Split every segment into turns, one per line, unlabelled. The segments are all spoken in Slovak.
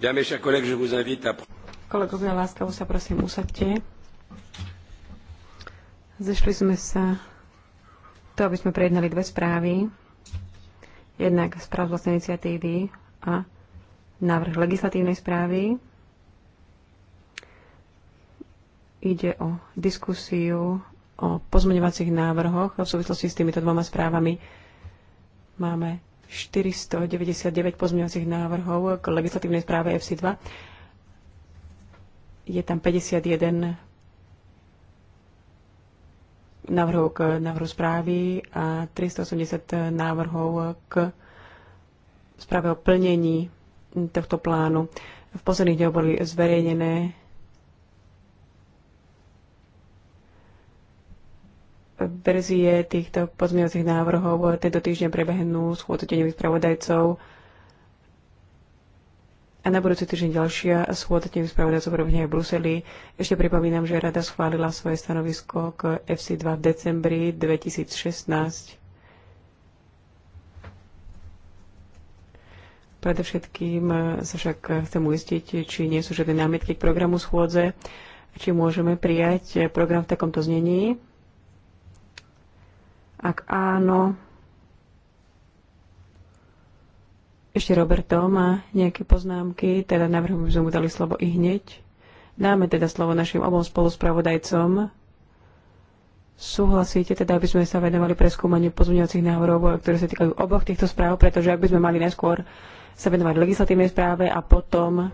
Kolegovia, láskavo sa prosím usadte. Zešli sme sa to, aby sme prejednali dve správy. Jednak správ vlastnej iniciatívy a návrh legislatívnej správy. Ide o diskusiu o pozmeňovacích návrhoch v súvislosti s týmito dvoma správami. Máme 499 pozmeňovacích návrhov k legislatívnej správe FC2. Je tam 51 návrhov k návrhu správy a 380 návrhov k správe o plnení tohto plánu. V posledných dňoch boli zverejnené verzie týchto pozmeňovacích návrhov tento týždeň prebehnú schôdzu deňových spravodajcov a na budúci týždeň ďalšia schôdza deňových spravodajcov prebehne aj v Bruseli. Ešte pripomínam, že rada schválila svoje stanovisko k FC2 v decembri 2016. Predovšetkým sa však chcem uistiť, či nie sú žiadne námietky k programu schôdze, či môžeme prijať program v takomto znení. Ak áno, ešte Roberto má nejaké poznámky, teda navrhujem, že mu dali slovo i hneď. Dáme teda slovo našim obom spoluspravodajcom. Súhlasíte teda, aby sme sa venovali preskúmaniu pozmeňovacích návrhov, ktoré sa týkajú oboch týchto správ, pretože ak by sme mali najskôr sa venovať legislatívnej správe a potom e,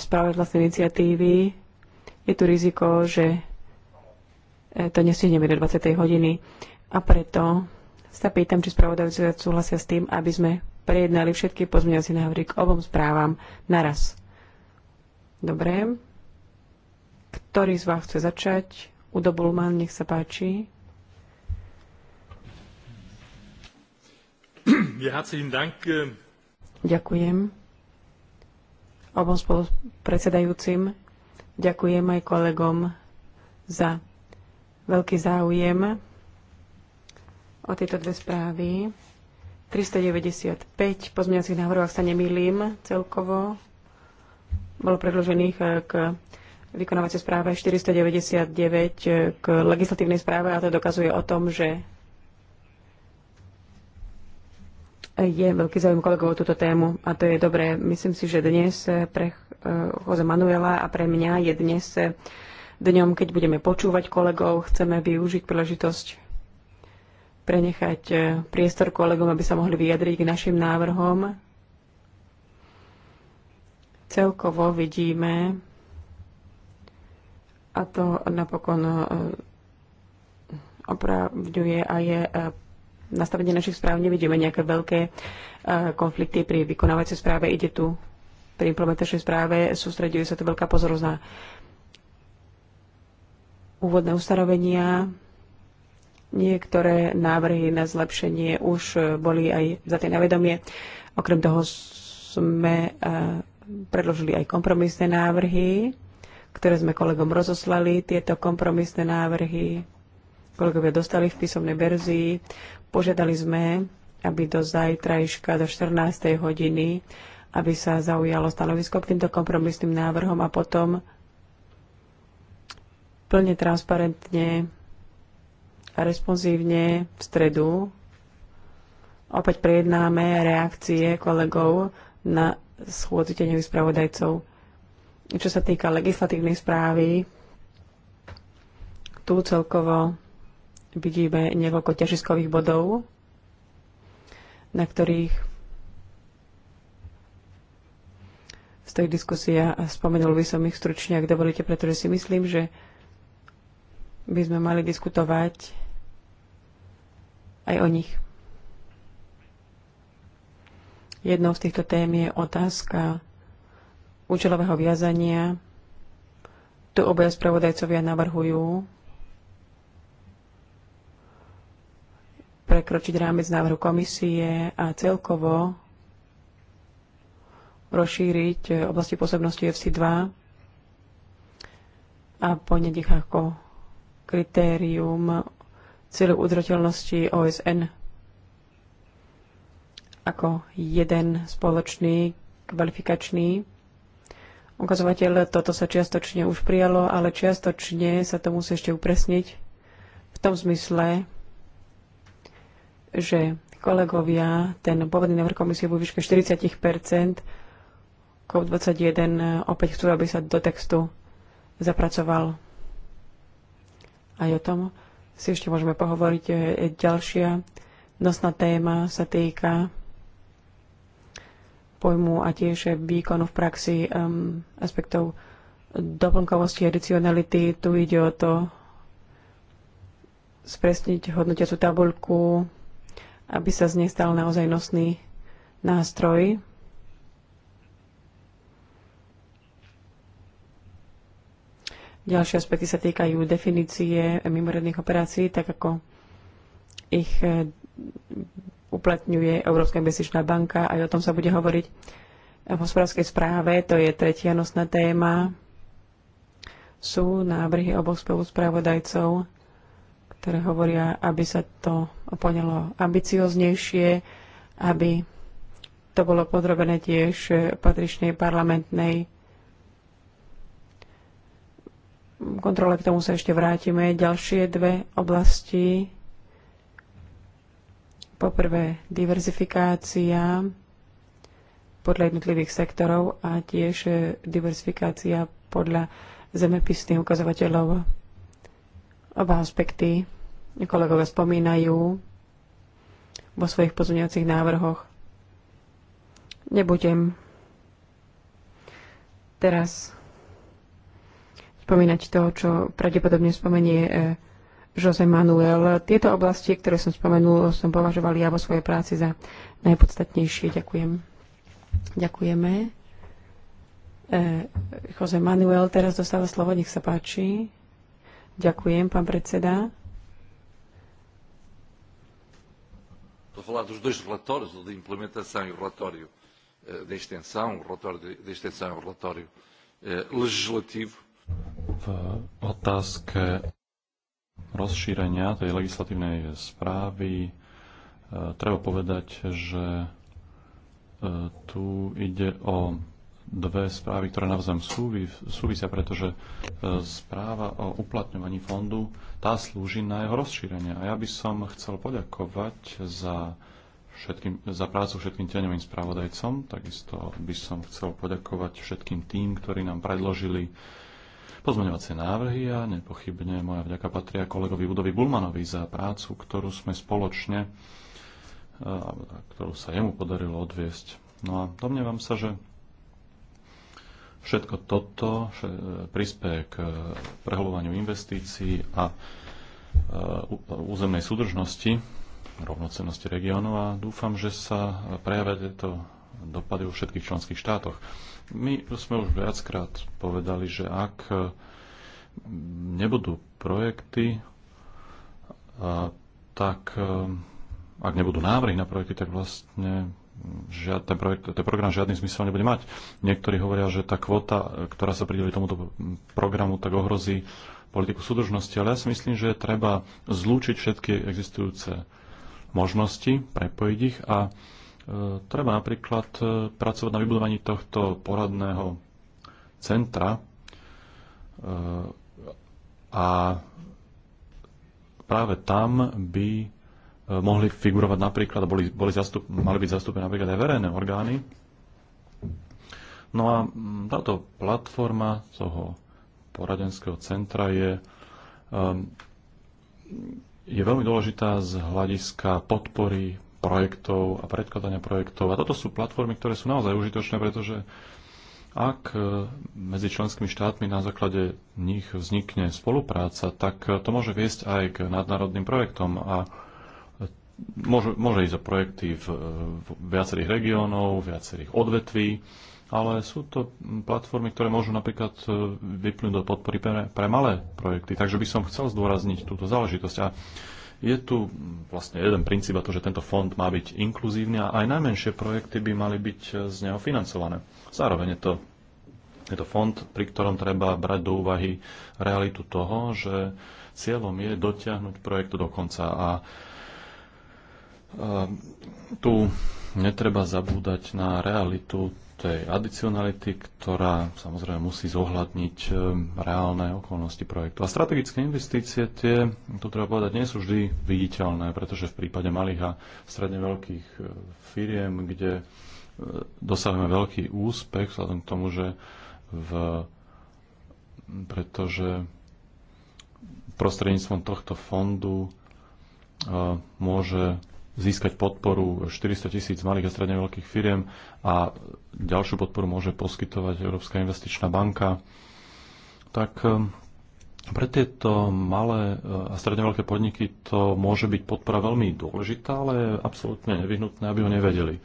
správe vlastnej iniciatívy, je tu riziko, že e, to nestihneme do 20. hodiny. A preto sa pýtam, či spravodajúci súhlasia s tým, aby sme prejednali všetky pozmeňovacie návrhy k obom správam naraz. Dobre. Ktorý z vás chce začať? Udo Bulman, nech sa páči. dank. Eh. Ďakujem obom spolupredsedajúcim. Ďakujem aj kolegom za veľký záujem o tieto dve správy. 395 pozmeňacích návrhov, ak sa nemýlim, celkovo bolo predložených eh, k vykonávacie správe 499 eh, k legislatívnej správe a to dokazuje o tom, že je veľký záujem kolegov o túto tému a to je dobré. Myslím si, že dnes eh, pre Jose Manuela a pre mňa je dnes dňom, keď budeme počúvať kolegov, chceme využiť príležitosť prenechať e, priestor kolegom, aby sa mohli vyjadriť k našim návrhom. Celkovo vidíme, a to napokon e, opravňuje a je e, nastavenie našich správ. Nevidíme nejaké veľké konflikty pri vykonávacej správe. Ide tu pri implementačnej správe, sústreduje sa tu veľká pozornosť na úvodné ustanovenia, Niektoré návrhy na zlepšenie už boli aj za tie navedomie. Okrem toho sme e, predložili aj kompromisné návrhy, ktoré sme kolegom rozoslali. Tieto kompromisné návrhy kolegovia dostali v písomnej verzii. Požiadali sme, aby do zajtrajška, do 14. hodiny, aby sa zaujalo stanovisko k týmto kompromisným návrhom a potom plne transparentne responsívne v stredu opäť prejednáme reakcie kolegov na schôdzi teňových spravodajcov. Čo sa týka legislatívnej správy, tu celkovo vidíme niekoľko ťažiskových bodov, na ktorých z tej diskusia spomenul by som ich stručne, ak dovolíte, pretože si myslím, že by sme mali diskutovať aj o nich. Jednou z týchto tém je otázka účelového viazania. Tu obaja spravodajcovia navrhujú prekročiť rámec návrhu komisie a celkovo rozšíriť oblasti pôsobnosti FC2 a poneď ich ako kritérium cieľu udržateľnosti OSN ako jeden spoločný kvalifikačný ukazovateľ. Toto sa čiastočne už prijalo, ale čiastočne sa to musí ešte upresniť v tom zmysle, že kolegovia ten pôvodný návrh komisie vo výške 40 COP21 opäť chcú, aby sa do textu zapracoval aj o tom, si ešte môžeme pohovoriť. Ďalšia nosná téma sa týka pojmu a tiež výkonu v praxi um, aspektov doplnkovosti a adicionality. Tu ide o to spresniť hodnotiacu tabuľku, aby sa z nej stal naozaj nosný nástroj Ďalšie aspekty sa týkajú definície mimoriadných operácií, tak ako ich eh, uplatňuje Európska investičná banka, aj o tom sa bude hovoriť v hospodárskej správe, to je tretia nosná téma. Sú návrhy oboch spoluspravodajcov, ktoré hovoria, aby sa to oponilo ambicioznejšie, aby to bolo podrobené tiež eh, patričnej parlamentnej kontrole, k tomu sa ešte vrátime. Ďalšie dve oblasti. Poprvé diverzifikácia podľa jednotlivých sektorov a tiež e, diverzifikácia podľa zemepisných ukazovateľov. Oba aspekty kolegovia spomínajú vo svojich pozuniacich návrhoch. Nebudem teraz spomínať to, čo pravdepodobne spomenie e, Jose Manuel. Tieto oblasti, ktoré som spomenul, som považoval ja vo svojej práci za najpodstatnejšie. Ďakujem. Ďakujeme. E, Jose Manuel teraz dostáva slovo, nech sa páči. Ďakujem, pán predseda. Estou a falar dos
dois relatórios, o de implementação e o relatório eh, de extensão, o relatório de extensão e o relatório eh, legislativo v otázke rozšírenia tej legislatívnej správy e, treba povedať, že e, tu ide o dve správy, ktoré navzájom súvisia, pretože e, správa o uplatňovaní fondu tá slúži na jeho rozšírenie. A ja by som chcel poďakovať za, všetkým, za prácu všetkým tieňovým spravodajcom. Takisto by som chcel poďakovať všetkým tým, ktorí nám predložili pozmeňovacie návrhy a nepochybne moja vďaka patria kolegovi Budovi Bulmanovi za prácu, ktorú sme spoločne, e, ktorú sa jemu podarilo odviesť. No a domnievam sa, že všetko toto e, prispieje k e, prehľovaniu investícií a územnej súdržnosti, rovnocennosti regiónov a dúfam, že sa prejavia tieto dopady vo všetkých členských štátoch. My sme už viackrát povedali, že ak e, nebudú projekty, e, tak e, ak nebudú návrhy na projekty, tak vlastne žiad, ten, projekt, ten program žiadny zmysel nebude mať. Niektorí hovoria, že tá kvota, ktorá sa prideli tomuto programu, tak ohrozí politiku súdržnosti, ale ja si myslím, že treba zlúčiť všetky existujúce možnosti, prepojiť ich a E, treba napríklad e, pracovať na vybudovaní tohto poradného centra e, a práve tam by mohli figurovať napríklad, boli, boli zastup, mali byť zastúpené napríklad aj verejné orgány. No a táto platforma toho poradenského centra je, je veľmi dôležitá z hľadiska podpory projektov a predkladania projektov. A toto sú platformy, ktoré sú naozaj užitočné, pretože ak e, medzi členskými štátmi na základe nich vznikne spolupráca, tak e, to môže viesť aj k nadnárodným projektom a e, môže, môže ísť o projekty v, v viacerých regiónov, viacerých odvetví, ale sú to platformy, ktoré môžu napríklad vyplnúť do podpory pre, pre malé projekty. Takže by som chcel zdôrazniť túto záležitosť. A je tu vlastne jeden princíp a to, že tento fond má byť inkluzívny a aj najmenšie projekty by mali byť z neho financované. Zároveň je to, je to fond, pri ktorom treba brať do úvahy realitu toho, že cieľom je dotiahnuť projektu do konca a, a tu netreba zabúdať na realitu tej adicionality, ktorá samozrejme musí zohľadniť eh, reálne okolnosti projektu. A strategické investície tie, to treba povedať, nie sú vždy viditeľné, pretože v prípade malých a stredne veľkých eh, firiem, kde eh, dosahujeme veľký úspech, vzhľadom k tomu, že v, pretože prostredníctvom tohto fondu môže získať podporu 400 tisíc malých a stredne veľkých firiem a ďalšiu podporu môže poskytovať Európska investičná banka. Tak ehm, pre tieto malé eh, a stredne veľké podniky to môže byť podpora veľmi dôležitá, ale absolútne nevyhnutné, aby ho nevedeli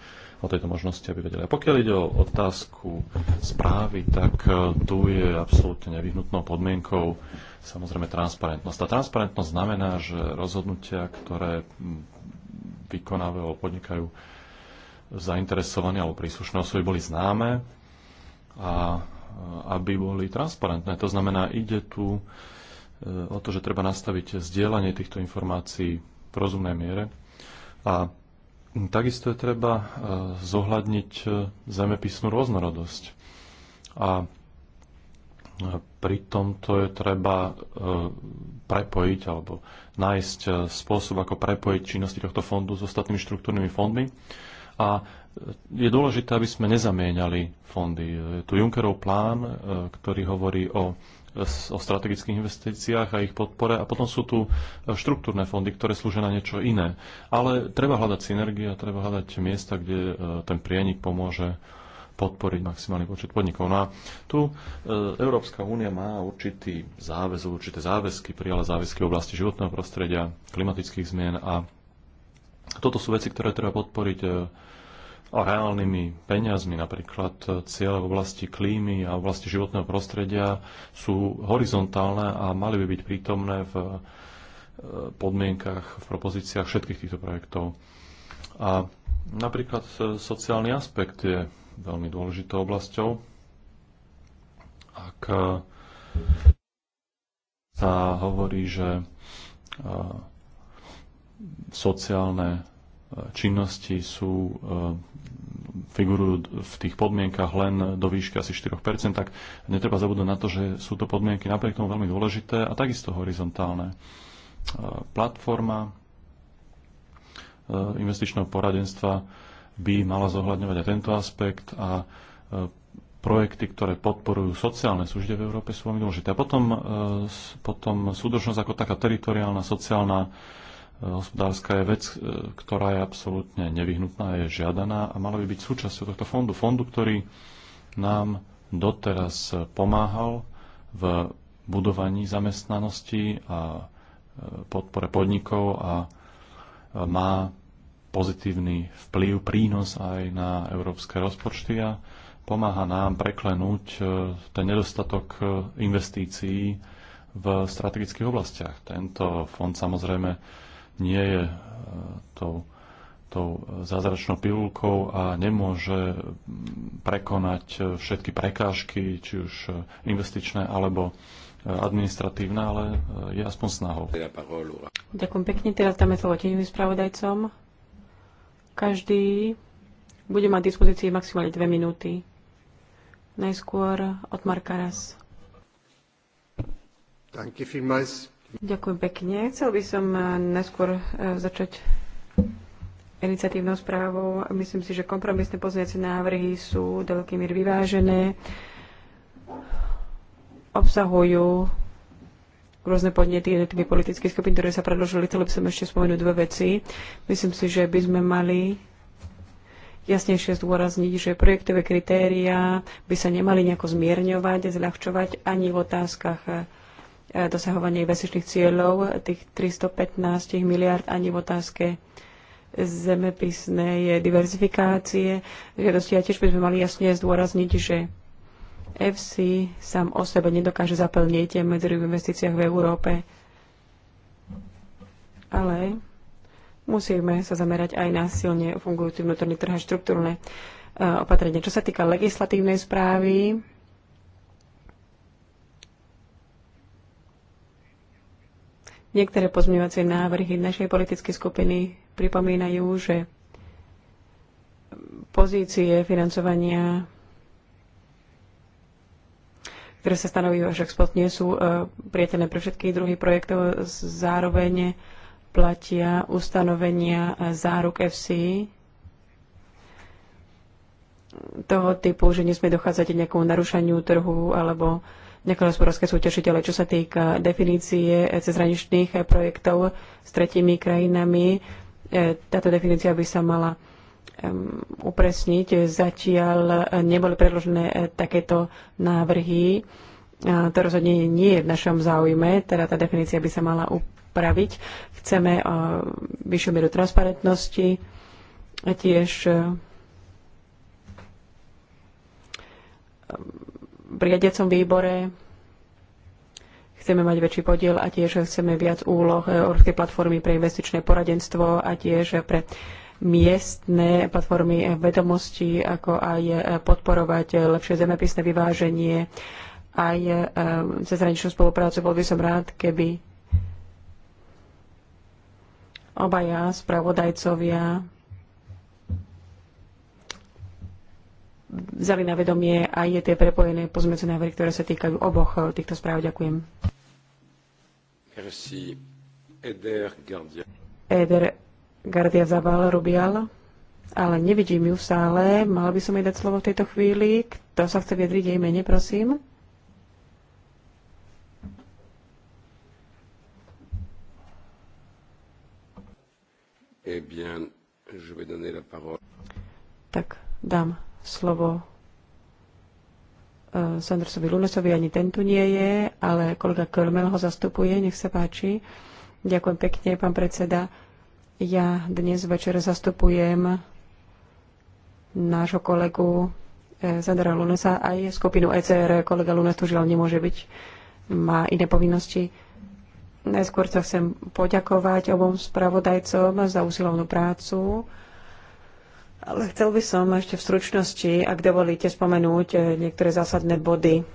o tejto možnosti, aby vedeli. A pokiaľ ide o otázku správy, tak eh, tu je absolútne nevyhnutnou podmienkou samozrejme transparentnosť. Tá transparentnosť znamená, že rozhodnutia, ktoré hm, vykonávajú alebo podnikajú zainteresovaní alebo príslušné osoby boli známe a aby boli transparentné. To znamená, ide tu e, o to, že treba nastaviť zdieľanie týchto informácií v rozumnej miere a takisto je treba e, zohľadniť e, zemepisnú rôznorodosť. A Pritom to je treba eh, prepojiť alebo nájsť eh, spôsob, ako prepojiť činnosti tohto fondu s ostatnými štruktúrnymi fondmi. A eh, je dôležité, aby sme nezamieňali fondy. Je tu Junckerov plán, ktorý hovorí o o strategických investíciách a ich podpore a potom sú tu štruktúrne fondy, ktoré slúžia na niečo iné. Ale treba hľadať synergie a treba hľadať miesta, kde ten prienik pomôže podporiť maximálny počet podnikov. No a tu e, Európska únia má určitý záväzok, určité záväzky, prijala záväzky v oblasti životného prostredia, klimatických zmien a toto sú veci, ktoré treba podporiť e, reálnymi peniazmi. Napríklad e, cieľe v oblasti klímy a v oblasti životného prostredia sú horizontálne a mali by byť prítomné v podmienkach, v propozíciách všetkých týchto projektov. A napríklad sociálny aspekt je veľmi dôležitou oblasťou. Ak eh, sa hovorí, že eh, sociálne eh, činnosti sú, figurujú v tých podmienkach len do výšky asi 4%, tak netreba zabudnúť na to, že sú to podmienky napriek tomu veľmi dôležité a takisto horizontálne. Platforma investičného poradenstva by mala zohľadňovať aj tento aspekt a e, projekty, ktoré podporujú sociálne služby v Európe sú veľmi dôležité. A potom, e, potom súdržnosť ako taká teritoriálna, sociálna, e, hospodárska je vec, ktorá je absolútne nevyhnutná, je žiadaná a mala by byť súčasťou tohto fondu. Fondu, ktorý nám doteraz pomáhal v budovaní zamestnanosti a podpore podnikov a má pozitívny vplyv, prínos aj na európske rozpočty a pomáha nám preklenúť e, ten nedostatok e, investícií v strategických oblastiach. Tento fond samozrejme nie je e, tou, tou zázračnou pilulkou a nemôže mm, prekonať všetky prekážky, či už investičné alebo administratívne, ale je aspoň snahou.
Ďakujem pekne. Teraz dáme slovo tieňovým spravodajcom. Každý bude mať dispozícii maximálne dve minúty. Najskôr od Marka Raz. Ďakujem pekne. Chcel by som eh, najskôr eh, začať iniciatívnou správou. Myslím si, že kompromisné pozmeňovacie návrhy sú do veľkej míry vyvážené, obsahujú rôzne podnety jednotlivé politických skupín, ktoré sa predložili. Chcel by som ešte spomenúť dve veci. Myslím si, že by sme mali jasnejšie zdôrazniť, že projektové kritéria by sa nemali nejako zmierňovať, zľahčovať ani v otázkach e, dosahovania investičných cieľov, tých 315 miliard, ani v otázke zemepisnej diverzifikácie. Žiadosti a tiež by sme mali jasne zdôrazniť, že FC sám o sebe nedokáže zaplniť medzery v investíciách v Európe. Ale musíme sa zamerať aj na silne fungujúci vnútorný trh a štruktúrne e, opatrenia. Čo sa týka legislatívnej správy, Niektoré pozmývacie návrhy našej politickej skupiny pripomínajú, že pozície financovania ktoré sa stanoví, až export, nie sú e, priateľné pre všetky druhy projektov. Zároveň platia ustanovenia e, záruk FC toho typu, že nesmie dochádzať k nejakomu narušaniu trhu alebo nejaké hospodárske súťažiteľe. Čo sa týka definície e, cezhraničných projektov s tretími krajinami, táto definícia by sa mala upresniť. Zatiaľ eh, neboli predložené eh, takéto návrhy. Eh, to rozhodne nie je v našom záujme, teda tá definícia by sa mala upraviť. Chceme vyššiu mieru transparentnosti a tiež v riadiacom výbore chceme mať väčší podiel a tiež chceme viac úloh Európskej platformy pre investičné poradenstvo a tiež pre uh, miestne platformy vedomostí, ako aj podporovať lepšie zemepisné vyváženie, aj e, hraničnú spoluprácu. Bol by som rád, keby obaja spravodajcovia vzali na vedomie aj tie prepojené pozmeňujúce návrhy, ktoré sa týkajú oboch e, týchto správ. Ďakujem.
Merci.
Eder Eder Gardia Zabal Rubial, ale nevidím ju v sále. Mala by som jej dať slovo v tejto chvíli. Kto sa chce vyjadriť jej mene, prosím? Eh bien, je vais donner la parole. Tak, dám slovo uh, Sandersovi Lunesovi, ani tento nie je, ale kolega Kölmel ho zastupuje, nech sa páči. Ďakujem pekne, pán predseda. Uh, ja dnes večer zastupujem nášho kolegu Zadara eh, Lunesa aj skupinu ECR. Kolega Lunes tu žiaľ nemôže byť, má iné povinnosti. Najskôr sa chcem poďakovať obom spravodajcom za usilovnú prácu, ale chcel by som ešte v stručnosti, ak dovolíte, spomenúť eh, niektoré zásadné body,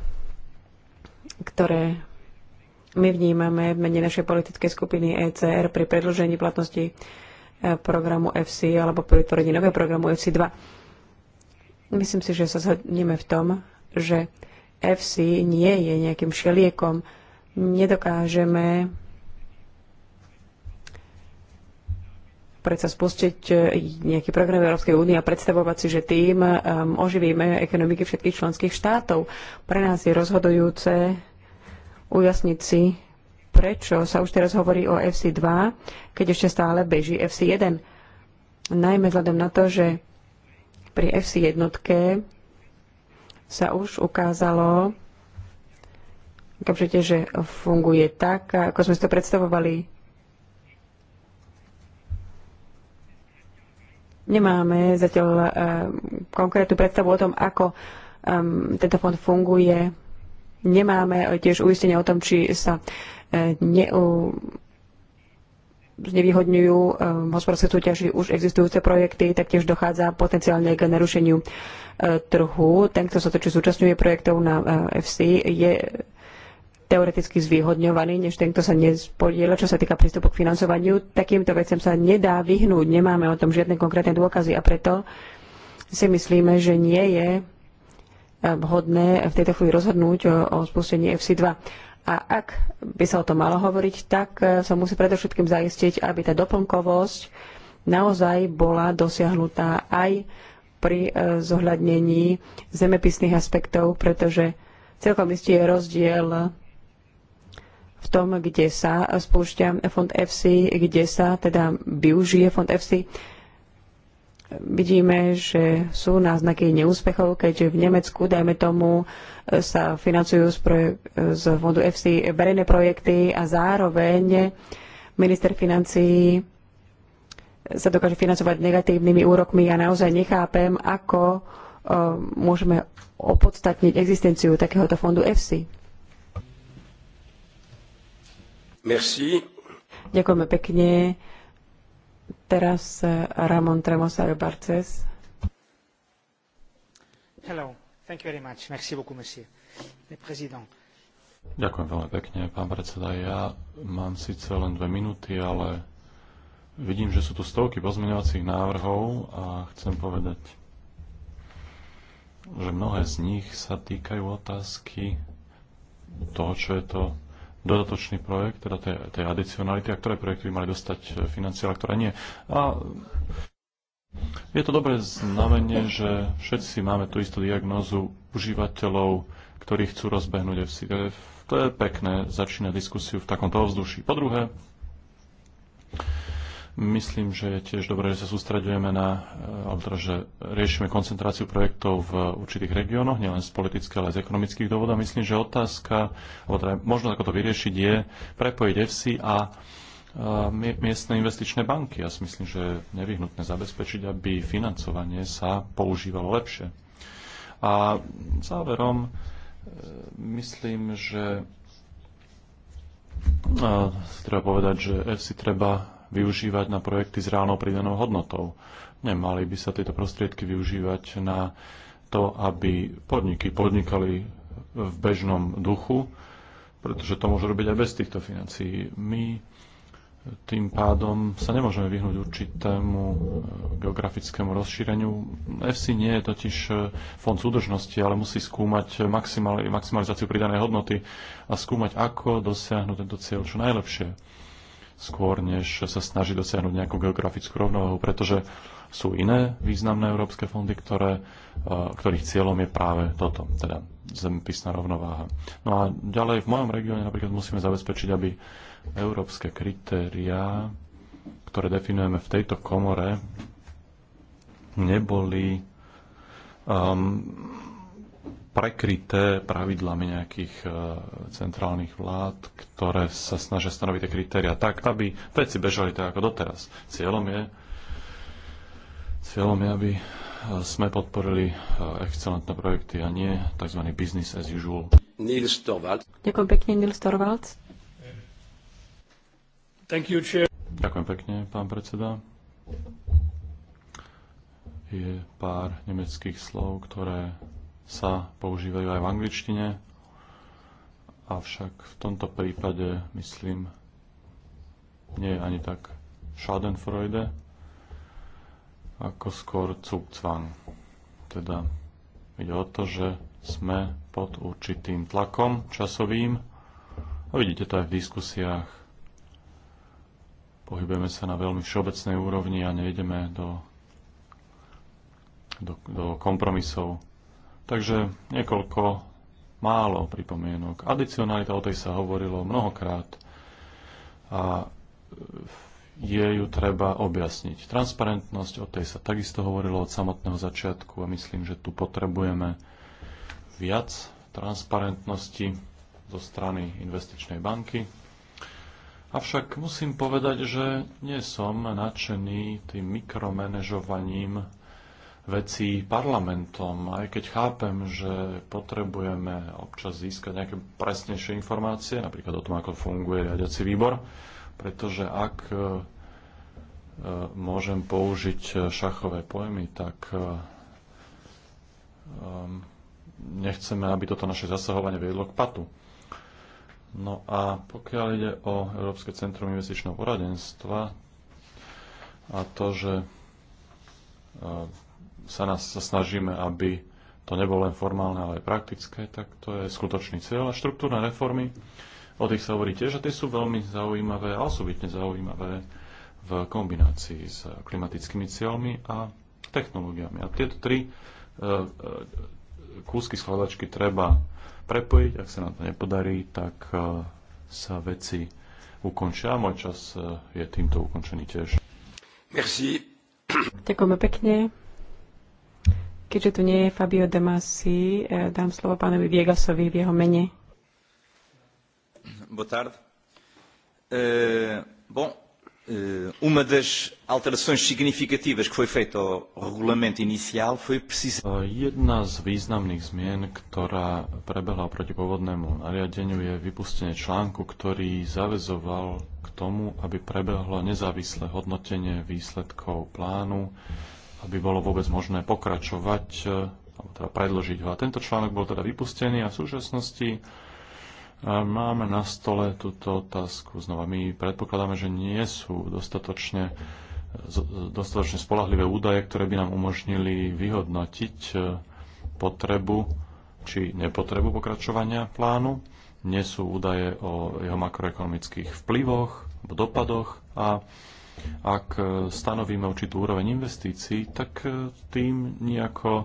ktoré my vnímame v mene našej politickej skupiny ECR pri predlžení platnosti e, programu FC alebo pri vytvorení nového programu FC2. Myslím si, že sa zhodneme v tom, že FC nie je nejakým šeliekom. Nedokážeme predsa spustiť e, nejaký program Európskej únie a predstavovať si, že tým um, oživíme ekonomiky všetkých členských štátov. Pre nás je rozhodujúce ujasniť si, prečo sa už teraz hovorí o FC2, keď ešte stále beží FC1. Najmä vzhľadom na to, že pri FC1 sa už ukázalo, Kapžete, že funguje tak, ako sme si to predstavovali. Nemáme zatiaľ eh, konkrétnu predstavu o tom, ako ehm, tento fond funguje, Nemáme tiež uistenie o tom, či sa e, ne, znevýhodňujú v e, hospodárskej súťaži už existujúce projekty, tak tiež dochádza potenciálne k narušeniu e, trhu. Ten, kto sa či zúčastňuje projektov na FC, je teoreticky zvýhodňovaný, než ten, kto sa nespodiela, čo sa týka prístupu k financovaniu. Takýmto veciam sa nedá vyhnúť, nemáme o tom žiadne konkrétne dôkazy a preto si myslíme, že nie je vhodné v tejto chvíli rozhodnúť o, spustení FC2. A ak by sa o tom malo hovoriť, tak e, sa musí predovšetkým zaistiť, aby tá doplnkovosť naozaj bola dosiahnutá aj pri e, zohľadnení zemepisných aspektov, pretože celkom istý je rozdiel v tom, kde sa spúšťa fond FC, kde sa teda využije fond FC vidíme, že sú náznaky neúspechov, keďže v Nemecku, dajme tomu, sa financujú z, projek- z fondu FC verejné projekty a zároveň minister financí sa dokáže financovať negatívnymi úrokmi. Ja naozaj nechápem, ako e, môžeme opodstatniť existenciu takéhoto fondu FC. Merci. Ďakujeme pekne. Teraz eh, Ramon Barces.
Hello. Thank you very much. Merci beaucoup, monsieur
le président.
Ďakujem veľmi pekne, pán predseda. Ja mám síce len dve minúty, ale vidím, že sú tu stovky pozmeňovacích návrhov a chcem povedať, že mnohé z nich sa týkajú otázky toho, čo je to dodatočný projekt, teda tej, tej adicionality, a ktoré projekty by mali dostať e, financie, a ktoré nie. A je to dobré znamenie, že všetci máme tú istú diagnózu užívateľov, ktorí chcú rozbehnúť FCDF. To je pekné, začína diskusiu v takomto ovzduší. Po druhé, Myslím, že je tiež dobré, že sa sústredujeme na, e, alebo teda, že riešime koncentráciu projektov v určitých regiónoch, nielen z politických, ale aj z ekonomických dôvodov. Myslím, že otázka, alebo teda možno ako to vyriešiť je prepojiť EFSI a e, miestne investičné banky. Ja si myslím, že je nevyhnutné zabezpečiť, aby financovanie sa používalo lepšie. A záverom e, myslím, že treba povedať, že EFSI treba využívať na projekty s reálnou pridanou hodnotou. Nemali by sa tieto prostriedky využívať na to, aby podniky podnikali v bežnom duchu, pretože to môžu robiť aj bez týchto financií. My tým pádom sa nemôžeme vyhnúť určitému e, geografickému rozšíreniu. FC nie je totiž e, fond súdržnosti, ale musí skúmať maximalizáciu pridanej hodnoty a skúmať, ako dosiahnuť tento cieľ čo najlepšie skôr než sa snaží dosiahnuť nejakú geografickú rovnováhu, pretože sú iné významné európske fondy, ktoré, e, ktorých cieľom je práve toto, teda zemepisná rovnováha. No a ďalej v mojom regióne napríklad musíme zabezpečiť, aby európske kritériá, ktoré definujeme v tejto komore, neboli um, prekryté pravidlami nejakých e, centrálnych vlád, ktoré sa snažia stanoviť tie kritéria tak, aby veci bežali tak ako doteraz. Cieľom je, cieľom je, aby e, sme podporili e, excelentné projekty a nie tzv. business as usual. Nils Torvalds.
Ďakujem pekne, Nils Torvalds.
Thank you, chair. Ďakujem pekne, pán predseda. Je pár nemeckých slov, ktoré sa používajú aj v angličtine, avšak v tomto prípade, myslím, nie je ani tak schadenfreude, ako skôr Zugzwang. Teda ide o to, že sme pod určitým tlakom časovým a vidíte to aj v diskusiách. Pohybujeme sa na veľmi všeobecnej úrovni a nejdeme do, do, do kompromisov Takže niekoľko málo pripomienok. Adicionalita, o tej sa hovorilo mnohokrát a je ju treba objasniť. Transparentnosť, o tej sa takisto hovorilo od samotného začiatku a myslím, že tu potrebujeme viac transparentnosti zo strany investičnej banky. Avšak musím povedať, že nie som nadšený tým mikromanežovaním vecí parlamentom. Aj keď chápem, že potrebujeme občas získať nejaké presnejšie informácie, napríklad o tom, ako funguje riadiaci výbor, pretože ak e, e, môžem použiť šachové pojmy, tak e, nechceme, aby toto naše zasahovanie viedlo k patu. No a pokiaľ ide o Európske centrum investičného poradenstva a to, že sa, nás, sa snažíme, aby to nebolo len formálne, ale aj praktické, tak to je skutočný cieľ. A štruktúrne reformy, o tých sa hovorí tiež, že tie sú veľmi zaujímavé a osobitne zaujímavé v kombinácii s klimatickými cieľmi a technológiami. A tieto tri e, e, kúsky skladačky treba prepojiť. Ak sa nám to nepodarí, tak e, sa veci ukončia. Môj čas je týmto ukončený tiež. Merci.
Ďakujeme pekne. Keďže tu nie je Fabio De Masi, eh, dám slovo pánovi Viegasovi v jeho mene.
Boa tarde. Uh,
bom, uh, uma das alterações significativas que foi feita ao regulamento inicial foi precisamente... Jedna z významných zmien, ktorá prebehla proti pôvodnému nariadeniu, je vypustenie článku, ktorý zavezoval k tomu, aby prebehlo nezávislé hodnotenie výsledkov plánu aby bolo vôbec možné pokračovať, e, alebo teda predložiť ho. A tento článok bol teda vypustený a v súčasnosti e, máme na stole túto otázku. Znova my predpokladáme, že nie sú dostatočne, e, dostatočne spolahlivé údaje, ktoré by nám umožnili vyhodnotiť potrebu či nepotrebu pokračovania plánu. Nie sú údaje o jeho makroekonomických vplyvoch, dopadoch a ak e, stanovíme určitú úroveň investícií, tak e, tým nejako e,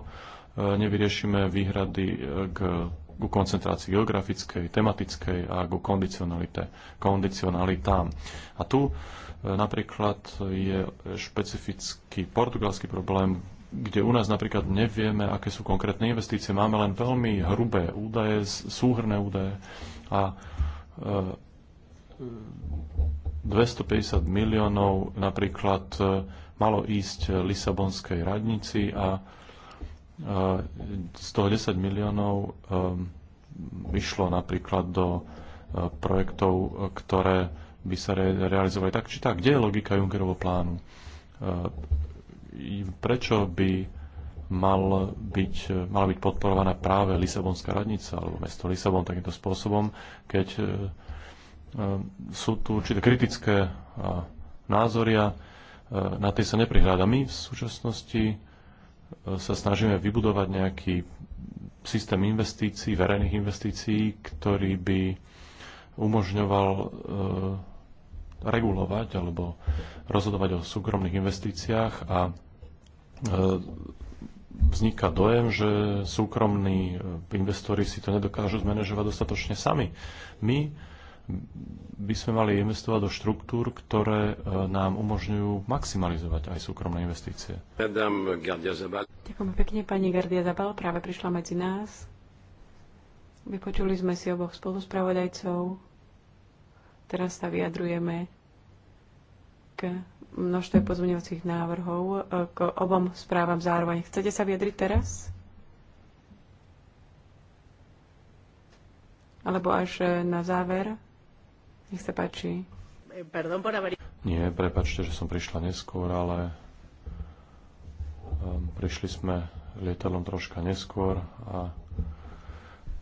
nevyriešime výhrady k, ku koncentrácii geografickej, tematickej a ku kondicionalite, kondicionalitám. A tu napríklad je špecifický portugalský problém, kde u nás napríklad nevieme, aké sú konkrétne investície. Máme len veľmi hrubé údaje, súhrné údaje a 250 miliónov napríklad e, malo ísť e, Lisabonskej radnici a e, z toho 10 miliónov išlo napríklad do projektov, ktoré by sa realizovali tak či tak. Kde je logika Junckerovho plánu? Prečo by mal byť, mala byť podporovaná práve Lisabonská radnica alebo mesto Lisabon takýmto spôsobom, keď Ehm, sú tu určité kritické názory a e, na tie sa neprihľada. My v súčasnosti e, sa snažíme vybudovať nejaký systém investícií, verejných investícií, ktorý by umožňoval e, regulovať alebo rozhodovať o súkromných investíciách a vzniká dojem, že súkromní investori si to nedokážu zmanéžovať dostatočne sami. My by sme mali investovať do štruktúr, ktoré e, nám umožňujú maximalizovať aj súkromné investície.
Ďakujem pekne, pani Gardia Zabal. Práve prišla medzi nás. Vypočuli sme si oboch spoluspravodajcov. Teraz sa vyjadrujeme k množstve pozmeňovacích návrhov e, k obom správam zároveň. Chcete sa vyjadriť teraz? Alebo až e, na záver? Nech sa páči.
Nie, prepačte, že som prišla neskôr, ale um, prišli sme lietadlom troška neskôr a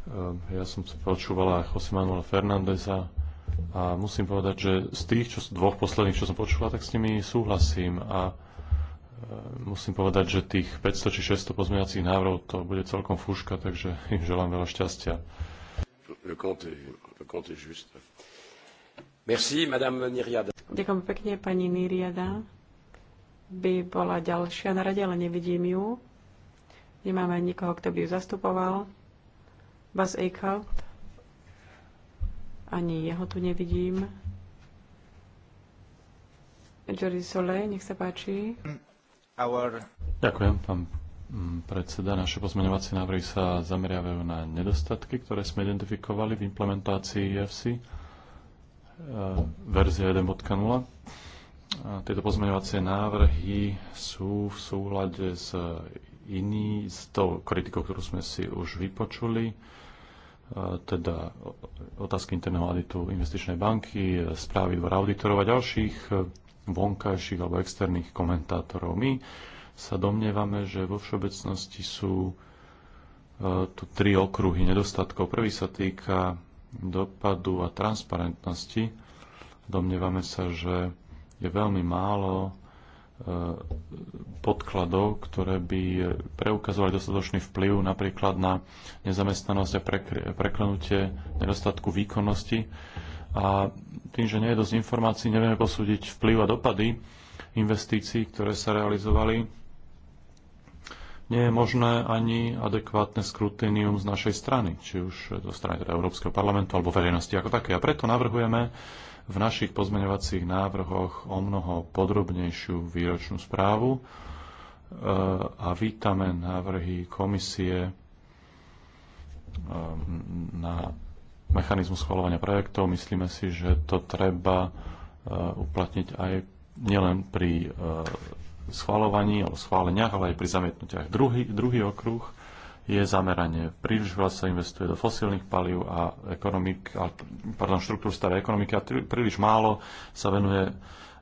um, ja som si počúvala Jose Manuel Fernandeza a musím povedať, že z tých čo, dvoch posledných, čo som počúvala, tak s nimi súhlasím a um, musím povedať, že tých 500 či 600 pozmeňacích návrhov to bude celkom fúška, takže im želám veľa šťastia.
Le compte est, le compte est juste. Merci, madame Niriada. Ďakujem pekne, pani Niriada. By bola ďalšia na rade, ale nevidím ju. Nemáme nikoho, kto by ju zastupoval. Bas Eichhout. Ani jeho tu nevidím. Jordi Sole, nech sa páči.
Our...
Ďakujem, pán mm, predseda. Naše pozmeňovacie návrhy sa zameriavajú na nedostatky, ktoré sme identifikovali v implementácii EFC verzia 1.0. Tieto pozmeňovacie návrhy sú v súhľade s iný, s tou kritikou, ktorú sme si už vypočuli, teda otázky interného auditu investičnej banky, správy dvora auditorov a ďalších vonkajších alebo externých komentátorov. My sa domnievame, že vo všeobecnosti sú e, tu tri okruhy nedostatkov. Prvý sa týka dopadu a transparentnosti, domnievame sa, že je veľmi málo e, podkladov, ktoré by preukazovali dostatočný vplyv napríklad na nezamestnanosť a preklenutie nedostatku výkonnosti. A tým, že nie je dosť informácií, nevieme posúdiť vplyv a dopady investícií, ktoré sa realizovali nie je možné ani adekvátne skrutínium z našej strany, či už zo strany teda Európskeho parlamentu alebo verejnosti ako také. A preto navrhujeme v našich pozmeňovacích návrhoch o mnoho podrobnejšiu výročnú správu e, a vítame návrhy komisie e, na mechanizmu schvalovania projektov. Myslíme si, že to treba e, uplatniť aj nielen pri schvalovaní alebo schváleniach, ale aj pri zamietnutiach. Druhý, druhý okruh je zameranie. Príliš veľa sa investuje do fosílnych palív a, ekonomik, a pardon, štruktúr starej ekonomiky a príliš málo sa venuje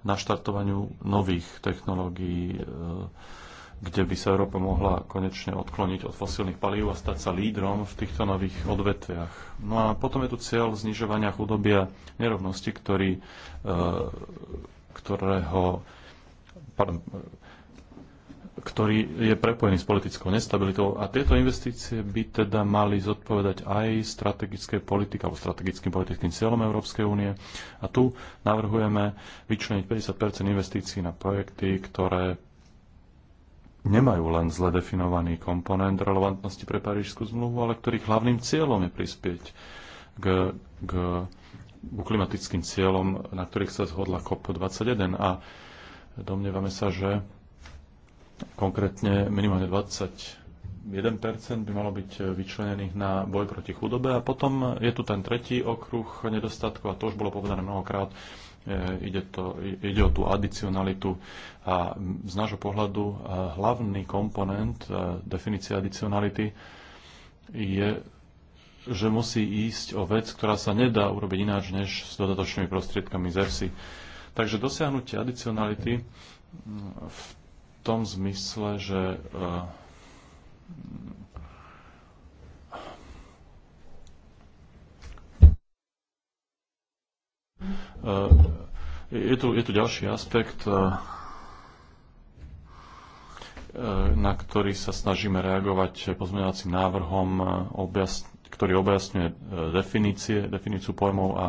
naštartovaniu nových technológií, e, kde by sa Európa mohla konečne odkloniť od fosílnych palív a stať sa lídrom v týchto nových odvetviach. No a potom je tu cieľ znižovania chudobia nerovnosti, ktorý, e, ktorého pardon, ktorý je prepojený s politickou nestabilitou a tieto investície by teda mali zodpovedať aj strategickej politike alebo strategickým politickým cieľom Európskej únie. A tu navrhujeme vyčleniť 50 investícií na projekty, ktoré nemajú len zle definovaný komponent relevantnosti pre Parížskú zmluvu, ale ktorých hlavným cieľom je prispieť k, k, k klimatickým cieľom, na ktorých sa zhodla COP21. A Domnievame sa, že konkrétne minimálne 21% by malo byť vyčlenených na boj proti chudobe. A potom je tu ten tretí okruh nedostatkov, a to už bolo povedané mnohokrát, e, ide, to, ide o tú adicionalitu a z nášho pohľadu e, hlavný komponent e, definície adicionality je, že musí ísť o vec, ktorá sa nedá urobiť ináč než s dodatočnými prostriedkami z EFSI. Takže dosiahnutie adicionality mm, v tom zmysle, že eh, eh, je tu, je tu ďalší aspekt eh, na ktorý sa snažíme reagovať pozmeňovacím návrhom, e, ktorý objasňuje e, definície, definíciu pojmov a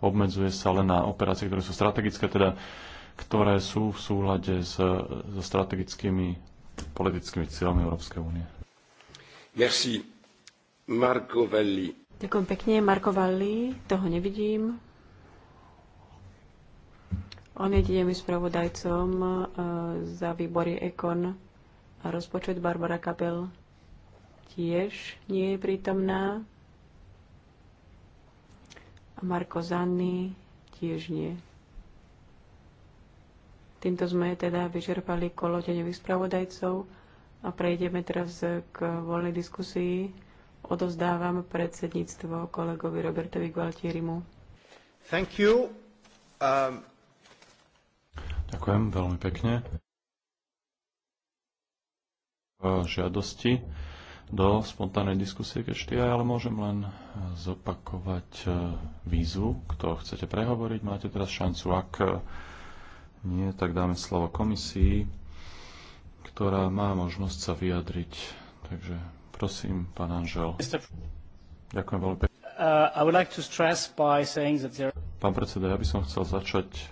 obmedzuje sa len na operácie, ktoré sú strategické, teda ktoré sú v súhľade s, e, so strategickými politickými cieľmi Európskej únie. Merci. Marko
Valli.
Ďakujem pekne. Marko Valli, toho nevidím. On je jediným spravodajcom za výbory EKON a rozpočet Barbara Kapel tiež nie je prítomná. A Marko Zanny tiež nie. Týmto sme teda vyčerpali kolo deňových spravodajcov a prejdeme teraz k voľnej diskusii. Odozdávam predsedníctvo kolegovi Robertovi Gualtierimu.
Thank you. Um...
Ďakujem veľmi pekne. E, žiadosti do spontánnej diskusie keď aj, ale môžem len zopakovať e, výzvu, kto chcete prehovoriť. Máte teraz šancu, ak e, nie, tak dáme slovo komisii, ktorá má možnosť sa vyjadriť. Takže prosím, pán Anžel. Ďakujem veľmi pekne. Uh, pán predseda, ja by som chcel začať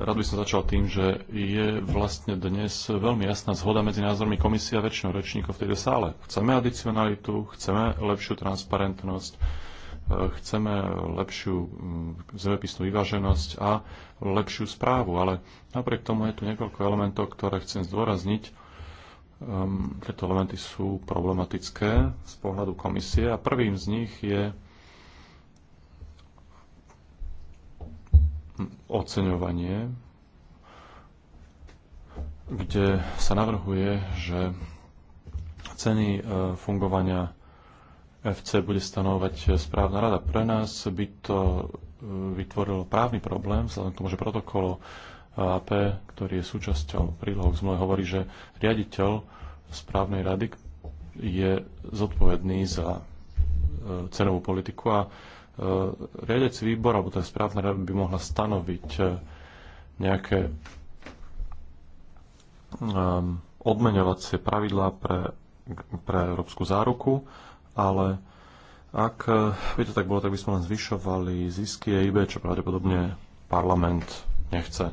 Rád by som začal tým, že je vlastne dnes veľmi jasná zhoda medzi názormi komisia a väčšinou rečníkov v tejto sále. Chceme adicionalitu, chceme lepšiu transparentnosť, eh, chceme lepšiu hm, zemepisnú vyváženosť a lepšiu správu, ale napriek tomu je tu niekoľko elementov, ktoré chcem zdôrazniť. Ehm, tieto elementy sú problematické z pohľadu komisie a prvým z nich je oceňovanie, kde sa navrhuje, že ceny e, fungovania FC bude stanovať správna rada. Pre nás by to e, vytvorilo právny problém, vzhľadom k tomu, že protokol e, AP, ktorý je súčasťou prílohov k zmluve, hovorí, že riaditeľ správnej rady je zodpovedný za cenovú politiku a Eh, riadec výbor, alebo ten správna rada by mohla stanoviť eh, nejaké ehm, odmeňovacie pravidlá pre, pre európsku záruku, ale ak eh, by to tak bolo, tak by sme len zvyšovali zisky EIB, čo pravdepodobne parlament nechce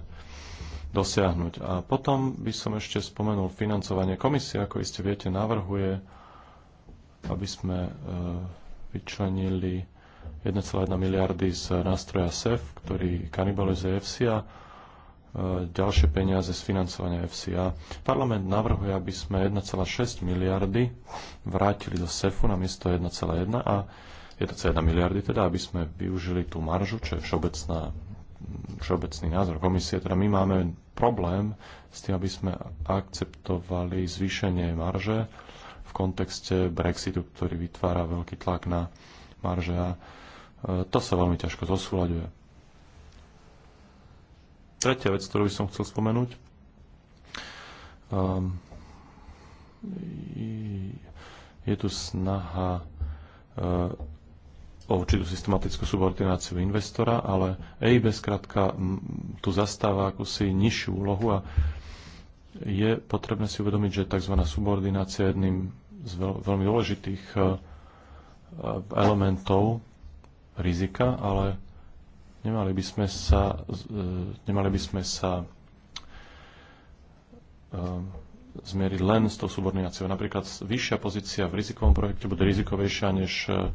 dosiahnuť. A potom by som ešte spomenul financovanie komisie. Ako iste viete, navrhuje, aby sme vyčlenili 1,1 miliardy z nástroja SEF, ktorý kanibalizuje FCA, e, ďalšie peniaze z financovania FCA. Parlament navrhuje, aby sme 1,6 miliardy vrátili do SEFu na miesto 1,1 a 1,1 miliardy teda, aby sme využili tú maržu, čo je všeobecná, všeobecný názor komisie. Teda my máme problém s tým, aby sme akceptovali zvýšenie marže v kontexte Brexitu, ktorý vytvára veľký tlak na marže a E, to sa veľmi ťažko zosúľaďuje. Tretia vec, ktorú by som chcel spomenúť, um, je tu snaha e, o určitú systematickú subordináciu investora, ale EIB skrátka tu zastáva akúsi nižšiu úlohu a je potrebné si uvedomiť, že tzv. subordinácia je jedným z veľ, veľmi dôležitých e, elementov rizika, ale nemali by sme sa, e, nemali by sme sa e, zmieriť len s tou subordináciou. Napríklad vyššia pozícia v rizikovom projekte bude rizikovejšia než e,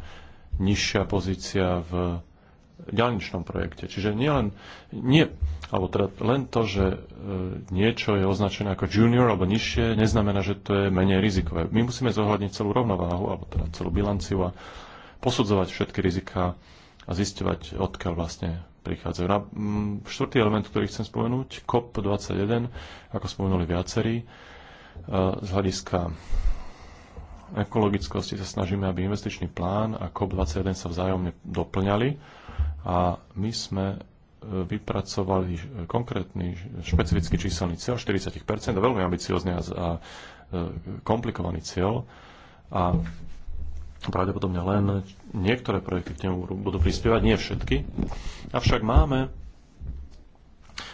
nižšia pozícia v ďalničnom projekte. Čiže nie len, nie, alebo teda len to, že niečo je označené ako junior alebo nižšie, neznamená, že to je menej rizikové. My musíme zohľadniť celú rovnováhu, alebo teda celú bilanciu a posudzovať všetky rizika a zisťovať, odkiaľ vlastne prichádzajú. Na mm, štvrtý element, ktorý chcem spomenúť, COP21, ako spomenuli viacerí, e, z hľadiska ekologickosti sa snažíme, aby investičný plán a COP21 sa vzájomne doplňali a my sme e, vypracovali konkrétny špecifický číselný cieľ 40% a veľmi ambiciózny a e, komplikovaný cieľ a pravdepodobne len niektoré projekty k nemu budú prispievať, nie všetky. Avšak máme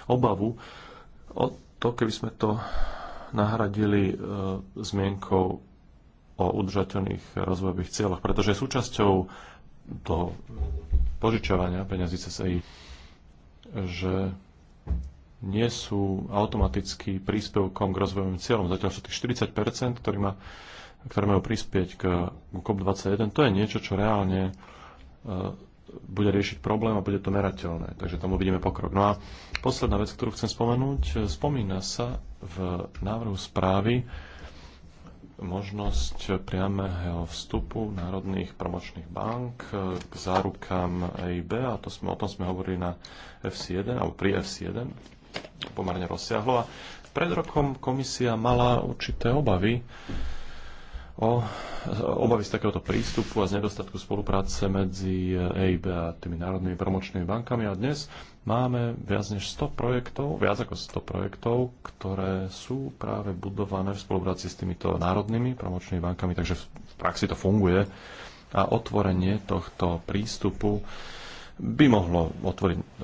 obavu o to, keby sme to nahradili e, zmienkou o udržateľných rozvojových cieľoch, pretože súčasťou toho požičovania peňazí CSI, e že nie sú automaticky príspevkom k rozvojovým cieľom. Zatiaľ sú tých 40%, ktorý má ktoré majú prispieť k COP21, to je niečo, čo reálne e, bude riešiť problém a bude to merateľné. Takže tam uvidíme pokrok. No a posledná vec, ktorú chcem spomenúť, e, spomína sa v návrhu správy možnosť priamého vstupu národných promočných bank e, k zárukám EIB a to sme, o tom sme hovorili na FC1 alebo pri FC1 pomerne rozsiahlo a pred rokom komisia mala určité obavy o obavy z takéhoto prístupu a z nedostatku spolupráce medzi EIB a tými národnými promočnými bankami. A dnes máme viac než 100 projektov, viac ako 100 projektov, ktoré sú práve budované v spolupráci s týmito národnými promočnými bankami, takže v praxi to funguje. A otvorenie tohto prístupu by mohlo, otvoriť,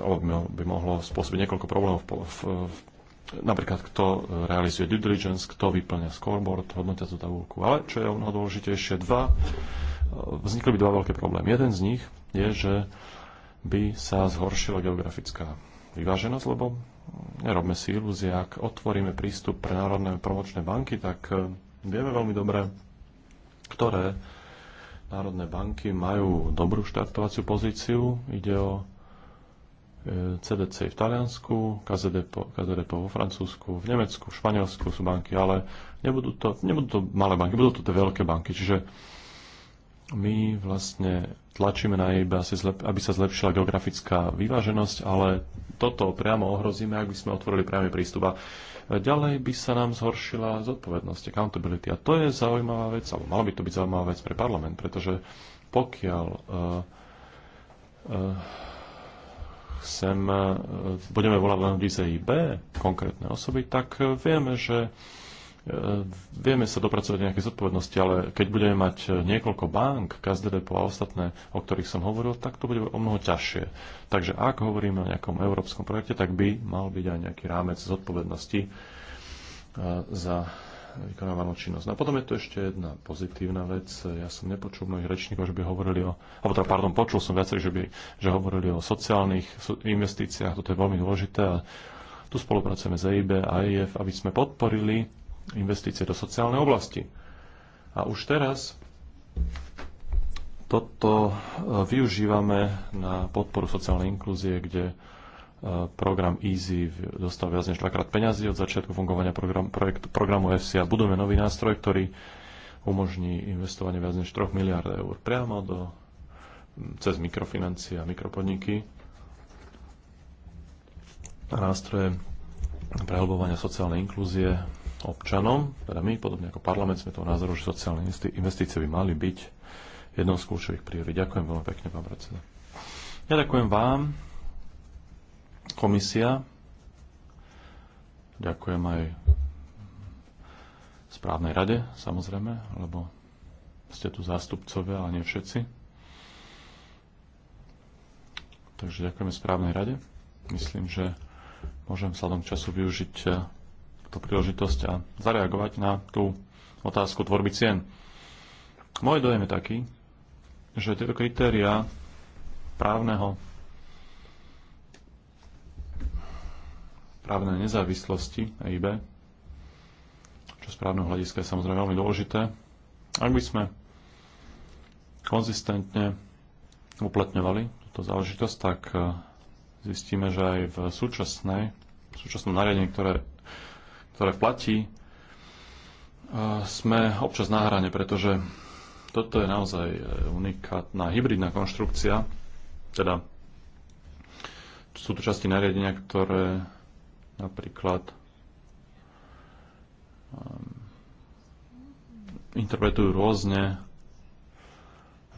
by mohlo spôsobiť niekoľko problémov v, v, v napríklad kto e, realizuje due diligence, kto vyplňa scoreboard, tú tabulku. Ale čo je o mnoho dôležitejšie, dva, e, vznikli by dva veľké problémy. Jeden z nich je, že by sa zhoršila geografická vyváženosť, lebo nerobme si ilúzie, ak otvoríme prístup pre národné promočné banky, tak e, vieme veľmi dobre, ktoré národné banky majú dobrú štartovaciu pozíciu. Ide o CDC v Taliansku, KZDP, vo Francúzsku, v Nemecku, v Španielsku sú banky, ale nebudú to, nebudú to malé banky, budú to tie veľké banky. Čiže my vlastne tlačíme na EIB, aby sa zlepšila geografická vyváženosť, ale toto priamo ohrozíme, ak by sme otvorili priamy prístup. A ďalej by sa nám zhoršila zodpovednosť, accountability. A to je zaujímavá vec, alebo mala by to byť zaujímavá vec pre parlament, pretože pokiaľ uh, uh, sem e, budeme volať len EIB, konkrétne osoby, tak e, vieme, že e, vieme sa dopracovať nejaké zodpovednosti, ale keď budeme mať niekoľko bank, KSDDP a ostatné, o ktorých som hovoril, tak to bude o mnoho ťažšie. Takže ak hovoríme o nejakom európskom projekte, tak by mal byť aj nejaký rámec zodpovednosti za vykonávanú činnosť. No a potom je tu ešte jedna pozitívna vec. Ja som nepočul mnohých rečníkov, že by hovorili o, alebo teda, pardon, počul som viacerých, že by že hovorili o sociálnych investíciách. Toto je veľmi dôležité a tu spolupracujeme s EIB a EIF, aby sme podporili investície do sociálnej oblasti. A už teraz toto e, využívame na podporu sociálnej inklúzie, kde Eh, program EASY dostal viac než dvakrát peňazí od začiatku fungovania program, projekt, programu EFSI a budujeme nový nástroj, ktorý umožní investovanie viac než 3 miliard eur priamo do, hm, cez mikrofinancie a mikropodniky a nástroje prehlbovania sociálnej inklúzie občanom, teda my, podobne ako parlament, sme toho názoru, že sociálne investície by mali byť jednou z kľúčových priorít. Ďakujem veľmi pekne, pán predseda. Ja ďakujem vám komisia. Ďakujem aj správnej rade, samozrejme, lebo ste tu zástupcovia, ale nie všetci. Takže ďakujeme správnej rade. Myslím, že môžem vzhľadom času využiť eh, túto príležitosť a zareagovať na tú otázku tvorby cien. Môj dojem je taký, že tieto kritéria právneho právnej nezávislosti EIB, čo z právneho hľadiska je samozrejme veľmi dôležité. Ak by sme konzistentne uplatňovali túto záležitosť, tak e, zistíme, že aj v súčasnej, v súčasnom nariadení, ktoré, ktoré platí, e, sme občas na hrane, pretože toto je naozaj e, unikátna hybridná konštrukcia, teda sú tu časti nariadenia, ktoré napríklad ehm, interpretujú rôzne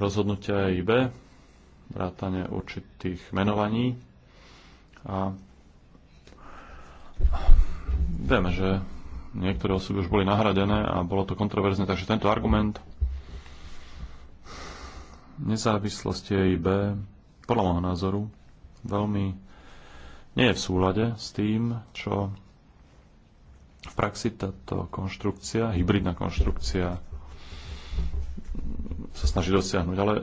rozhodnutia EIB, vrátane určitých menovaní a vieme, že niektoré osoby už boli nahradené a bolo to kontroverzne, takže tento argument nezávislosti EIB podľa môjho názoru veľmi nie je v súlade s tým, čo v praxi táto konštrukcia, hybridná konštrukcia sa snaží dosiahnuť. Ale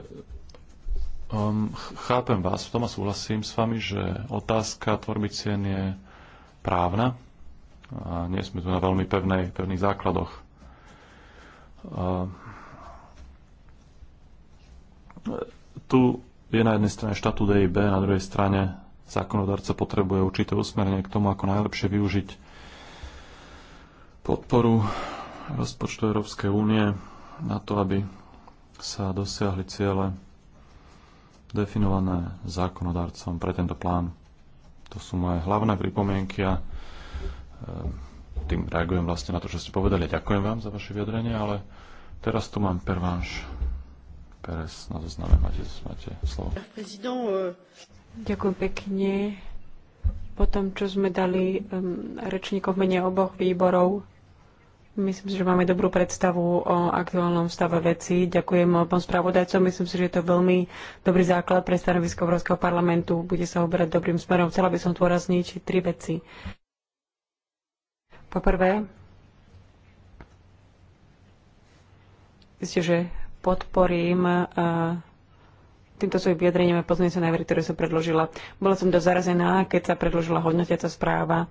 um, chápem vás v tom a súhlasím s vami, že otázka tvorby cien je právna a nie sme tu na veľmi pevnej, pevných základoch. Uh, tu je na jednej strane štatút EIB, na druhej strane zákonodarca potrebuje určité usmerenie k tomu, ako najlepšie využiť podporu rozpočtu Európskej únie na to, aby sa dosiahli ciele definované zákonodarcom pre tento plán. To sú moje hlavné pripomienky a e, tým reagujem vlastne na to, čo ste povedali. Ďakujem vám za vaše vyjadrenie, ale teraz tu mám pervanš Pérez na zozname. Máte, máte slovo.
Ďakujem pekne. Po tom, čo sme dali um, rečníkov mene oboch výborov, myslím si, že máme dobrú predstavu o aktuálnom stave veci. Ďakujem pán spravodajcom. Myslím si, že je to veľmi dobrý základ pre stanovisko Európskeho parlamentu. Bude sa obrať dobrým smerom. Chcela by som dôrazniť tri veci. Poprvé, myslím, že podporím uh, týmto svojim vyjadrením a pozmeňujem sa návrhy, ktoré som predložila. Bola som dosť zarazená, keď sa predložila hodnotiaca správa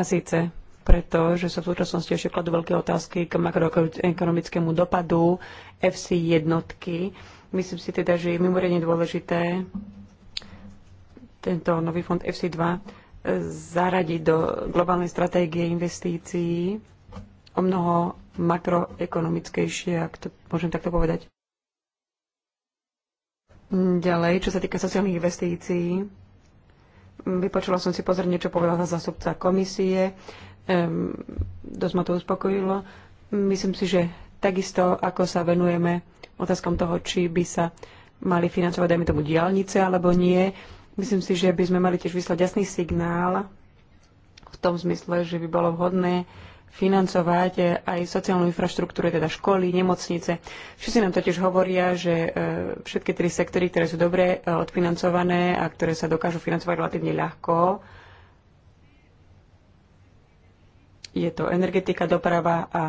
a síce preto, že sa v súčasnosti ešte kladú veľké otázky k makroekonomickému dopadu FC jednotky. Myslím si teda, že je mimoriadne dôležité tento nový fond FC2 e, zaradiť do globálnej stratégie investícií o mnoho makroekonomickejšie, ak to môžem takto povedať. Ďalej, čo sa týka sociálnych investícií, vypočula som si pozorne, čo za zástupca komisie. Ehm, dosť ma to uspokojilo. Myslím si, že takisto, ako sa venujeme otázkom toho, či by sa mali financovať, dajme tomu, diálnice alebo nie, myslím si, že by sme mali tiež vyslať jasný signál v tom zmysle, že by bolo vhodné financovať e, aj sociálnu infraštruktúru, teda školy, nemocnice. Všetci nám totiž hovoria, že e, všetky tri sektory, ktoré sú dobre e, odfinancované a ktoré sa dokážu financovať relatívne ľahko, je to energetika, doprava a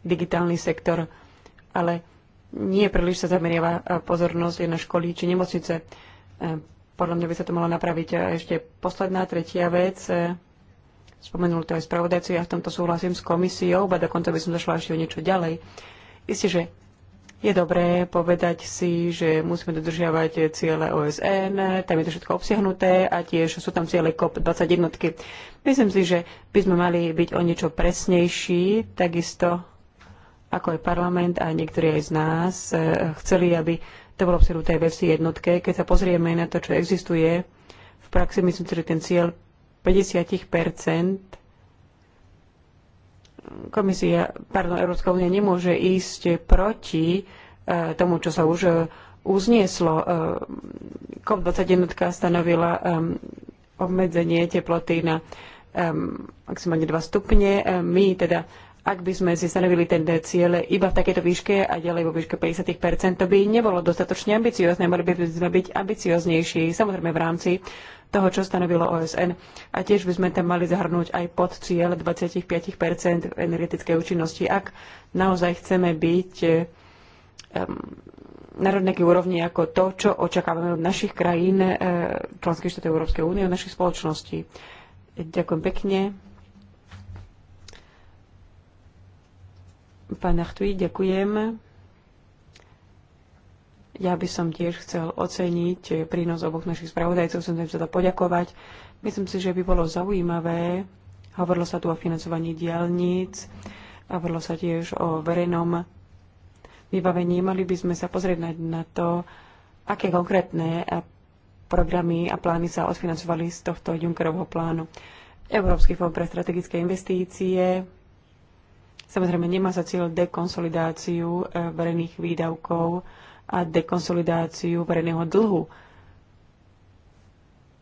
digitálny sektor, ale nie príliš sa zameriava pozornosť na školy či nemocnice. Podľa mňa by sa to malo napraviť. A ešte posledná, tretia vec Spomenul to aj spravodajcu, ja v tomto súhlasím s komisiou, a dokonca by som zašla ešte o niečo ďalej. Isté, že je dobré povedať si, že musíme dodržiavať ciele OSN, tam je to všetko obsiahnuté a tiež sú tam ciele COP21. Myslím si, že by sme mali byť o niečo presnejší, takisto ako aj parlament a niektorí aj z nás eh, chceli, aby to bolo obsiahnuté aj v jednotke. Keď sa pozrieme na to, čo existuje v praxi, myslím si, že ten cieľ 50 komisia, pardon, Európska únia nemôže ísť proti e, tomu, čo sa už e, uznieslo. E, COP21 stanovila obmedzenie teploty na maximálne 2 stupne. My teda ak by sme si stanovili ten cieľ iba v takejto výške a ďalej vo výške 50%, to by nebolo dostatočne ambiciozne, mali by sme byť ambicioznejší, samozrejme v rámci toho, čo stanovilo OSN. A tiež by sme tam mali zahrnúť aj pod cieľ 25 v energetickej účinnosti, ak naozaj chceme byť um, na rovnakej úrovni ako to, čo očakávame od našich krajín, e, členských štátov Európskej únie, od našich spoločností. Ďakujem pekne. Pán Achtuj, ďakujem. Ja by som tiež chcel oceniť prínos oboch našich spravodajcov, som im teda poďakovať. Myslím si, že by bolo zaujímavé, hovorilo sa tu o financovaní diálnic, hovorilo sa tiež o verejnom vybavení. Mali by sme sa pozrieť na, na to, aké konkrétne programy a plány sa odfinancovali z tohto Junckerovho plánu. Európsky fond pre strategické investície, Samozrejme, nemá za cieľ dekonsolidáciu e, verejných výdavkov a dekonsolidáciu verejného dlhu.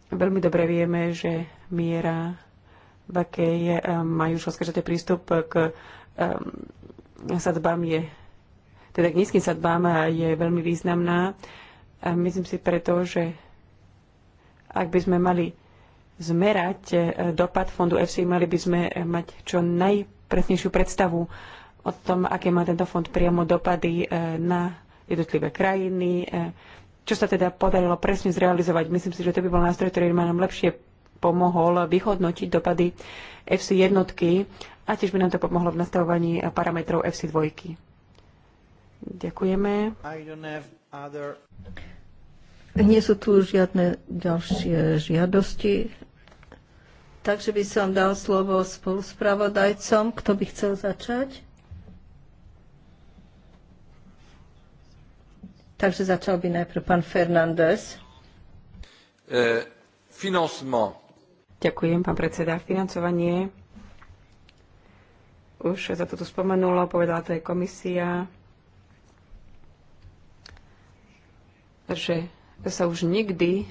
Veľmi dobre vieme, že miera, v akej e, majú členské štáty prístup k e, sadbám je, teda k nízkym sadbám je veľmi významná. A myslím si preto, že ak by sme mali zmerať dopad fondu FC, mali by sme mať čo naj presnejšiu predstavu o tom, aké má tento fond priamo dopady e, na jednotlivé krajiny, e, čo sa teda podarilo presne zrealizovať. Myslím si, že to by bol nástroj, ktorý by nám lepšie pomohol vyhodnotiť dopady FC jednotky a tiež by nám to pomohlo v nastavovaní parametrov FC dvojky. Ďakujeme.
Other... Nie sú tu žiadne ďalšie žiadosti Takže by som dal slovo spoluspravodajcom. Kto by chcel začať? Takže začal by najprv pán Fernández. E, financement. Ďakujem, pán predseda. Financovanie už
sa to tu spomenulo, povedala to aj komisia, že sa už nikdy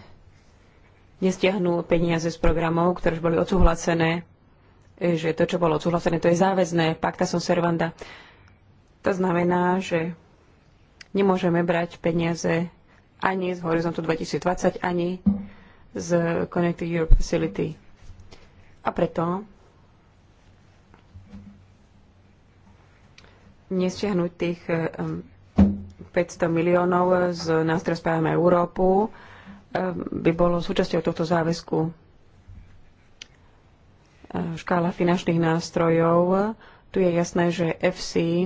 nestiahnú peniaze z programov, ktoré už boli odsúhlasené, e, že to, čo bolo odsúhlasené, to je záväzné, pacta som servanda. To znamená, že nemôžeme brať peniaze ani z Horizontu 2020, ani z Connected Europe Facility. A preto nestiahnuť tých 500 e, miliónov z nástroja Spávame Európu, by bolo súčasťou tohto záväzku. Škála finančných nástrojov. Tu je jasné, že FC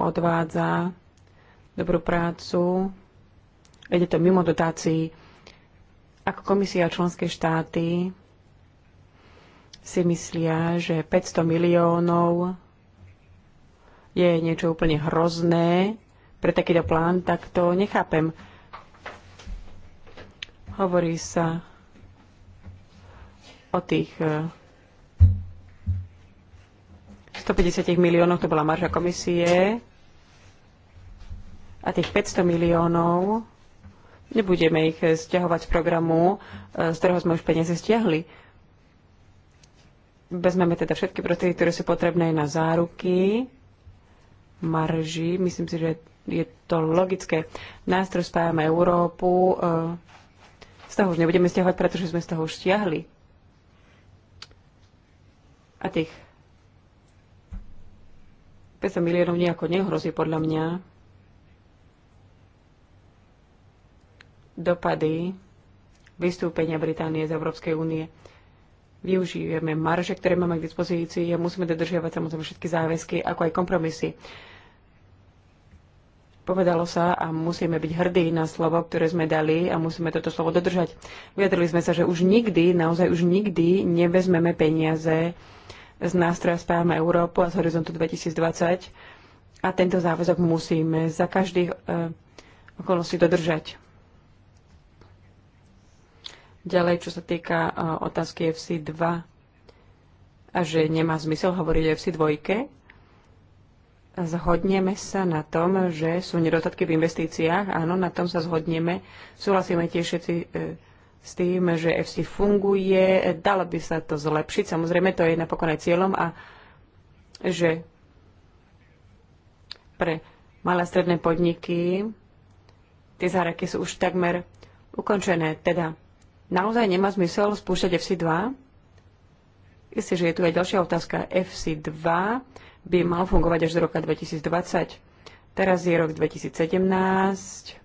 odvádza dobrú prácu. Ide to mimo dotácií. Ako komisia a členské štáty si myslia, že 500 miliónov je niečo úplne hrozné pre takýto plán, tak to nechápem. Hovorí sa o tých 150 e, miliónoch, to bola marža komisie, a tých 500 miliónov, nebudeme ich stiahovať z programu, e, z ktorého sme už peniaze stiahli. Vezmeme teda všetky prostriedky, ktoré sú potrebné na záruky, marži. Myslím si, že je to logické. Nástroj spájame Európu, e, z toho už nebudeme stiahovať, pretože sme z toho už stiahli. A tých 500 miliónov nejako nehrozí podľa mňa dopady vystúpenia Británie z Európskej únie. Využijeme marže, ktoré máme k dispozícii a musíme dodržiavať samozrejme všetky záväzky, ako aj kompromisy. Povedalo sa a musíme byť hrdí na slovo, ktoré sme dali a musíme toto slovo dodržať. Vyjadrili sme sa, že už nikdy, naozaj už nikdy nevezmeme peniaze z nástroja Spájame Európu a z Horizontu 2020 a tento záväzok musíme za každých e, okolností dodržať. Ďalej, čo sa týka e, otázky FC2 a že nemá zmysel hovoriť o FC2, Zhodneme sa na tom, že sú nedostatky v investíciách. Áno, na tom sa zhodneme. Súhlasíme tiež všetci e, s tým, že FC funguje, dalo by sa to zlepšiť. Samozrejme, to je napokon aj cieľom a že pre malé a stredné podniky tie záraky sú už takmer ukončené. Teda naozaj nemá zmysel spúšťať FC2? Isté, že je tu aj ďalšia otázka. FC2 by mal fungovať až do roka 2020. Teraz je rok 2017.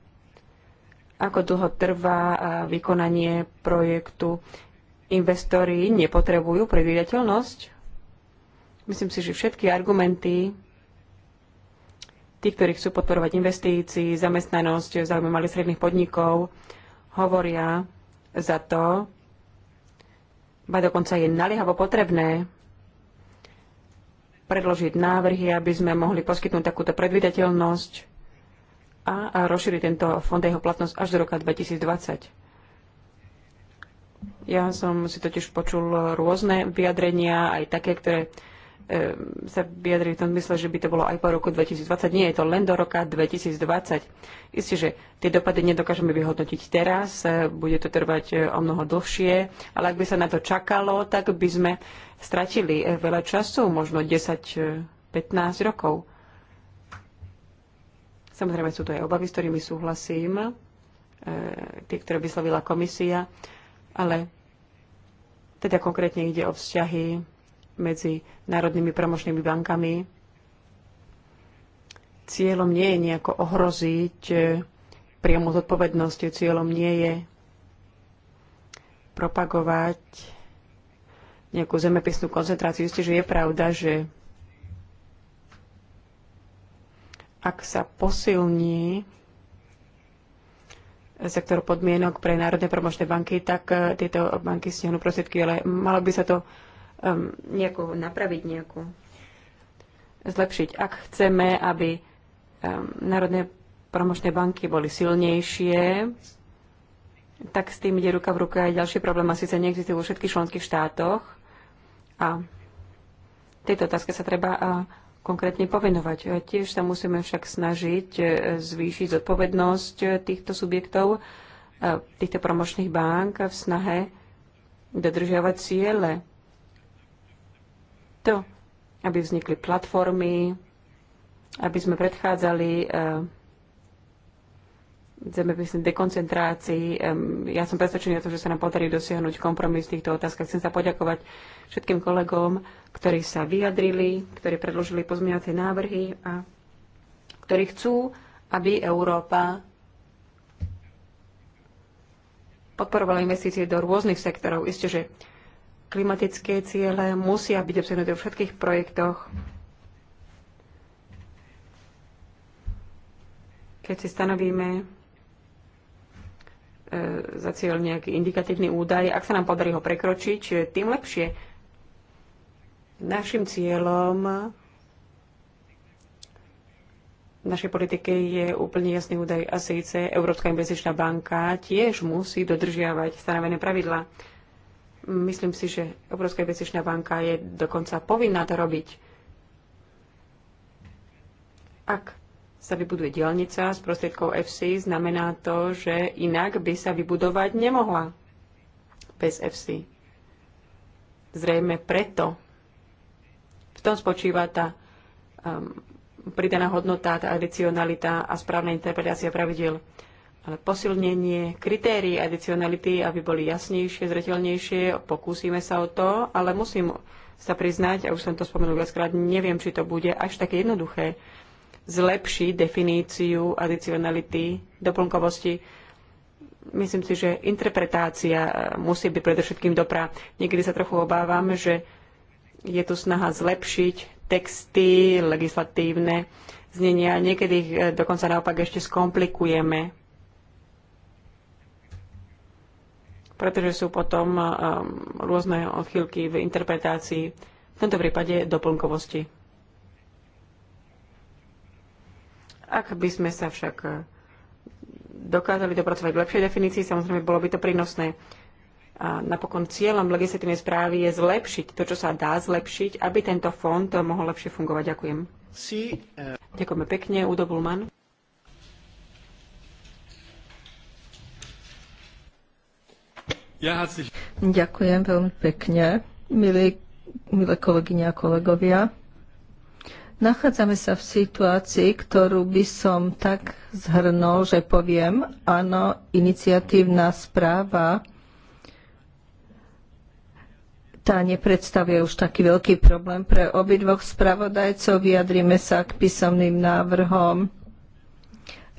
Ako dlho trvá vykonanie projektu? Investori nepotrebujú predvídateľnosť? Myslím si, že všetky argumenty, tí, ktorí chcú podporovať investícii, zamestnanosť, záujmy malých stredných podnikov, hovoria za to, ba dokonca je naliehavo potrebné predložiť návrhy, aby sme mohli poskytnúť takúto predvydateľnosť a, a rozšíriť tento fond jeho platnosť až do roka 2020. Ja som si totiž počul rôzne vyjadrenia, aj také, ktoré Ehm, sa vyjadri v tom mysle, že by to bolo aj po roku 2020. Nie je to len do roka 2020. Isté, že tie dopady nedokážeme vyhodnotiť teraz, e, bude to trvať e, o mnoho dlhšie, ale ak by sa na to čakalo, tak by sme stratili e, veľa času, možno 10-15 rokov. Samozrejme sú to aj obavy, s ktorými súhlasím, tie, ktoré vyslovila komisia, ale teda konkrétne ide o vzťahy medzi národnými promočnými bankami. Cieľom nie je nejako ohroziť e, priamu zodpovednosť, cieľom nie je propagovať nejakú zemepisnú koncentráciu. Isté, že je pravda, že ak sa posilní sektor podmienok pre národné promočné banky, tak e, tieto banky stiahnu prostriedky, ale malo by sa to um, nejako napraviť, nejako zlepšiť. Ak chceme, aby um, národné promočné banky boli silnejšie, tak s tým ide ruka v ruka aj ďalšie problém, a síce neexistujú vo všetkých členských štátoch. A tejto otázke sa treba konkrétne povenovať. Tiež sa musíme však snažiť e, zvýšiť zodpovednosť e, týchto subjektov, e, týchto promočných bank v snahe dodržiavať ciele to, aby vznikli platformy, aby sme predchádzali zemepisnej eh, dekoncentrácii. Ja som presvedčený o tom, že sa nám podarí dosiahnuť kompromis v týchto otázkach. Chcem sa poďakovať všetkým kolegom, ktorí sa vyjadrili, ktorí predložili pozmeňovacie návrhy a ktorí chcú, aby Európa podporovala investície do rôznych sektorov. Isté, že klimatické ciele musia byť obsahnuté vo všetkých projektoch. Keď si stanovíme e, za cieľ nejaký indikatívny údaj, ak sa nám podarí ho prekročiť, tým lepšie. Našim cieľom v našej politike je úplne jasný údaj a síce Európska investičná banka tiež musí dodržiavať stanovené pravidlá. Myslím si, že Európska investičná banka je dokonca povinná to robiť. Ak sa vybuduje dielnica s prostriedkou FC, znamená to, že inak by sa vybudovať nemohla bez FC. Zrejme preto. V tom spočíva tá um, pridaná hodnota, tá adicionalita a správna interpretácia pravidel posilnenie kritérií adicionality, aby boli jasnejšie, zretelnejšie. Pokúsime sa o to, ale musím sa priznať, a už som to spomenul viackrát, neviem, či to bude až také jednoduché zlepšiť definíciu adicionality, doplnkovosti. Myslím si, že interpretácia e, musí byť predovšetkým dobrá. Niekedy sa trochu obávam, že je tu snaha zlepšiť texty, legislatívne znenia. Niekedy ich e, dokonca naopak ešte skomplikujeme pretože sú potom um, rôzne odchýlky v interpretácii, v tomto prípade doplnkovosti. Ak by sme sa však uh, dokázali dopracovať k lepšej definícii, samozrejme bolo by to prínosné. A napokon cieľom legislatívnej správy je zlepšiť to, čo sa dá zlepšiť, aby tento fond mohol lepšie fungovať. Ďakujem. Sí, uh... Eh. Ďakujeme pekne, Udo Bulman.
Ďakujem veľmi pekne, milí, milé kolegyne a kolegovia. Nachádzame sa v situácii, ktorú by som tak zhrnul, že poviem, áno, iniciatívna správa tá nepredstavuje už taký veľký problém pre obidvoch spravodajcov. Vyjadrime sa k písomným návrhom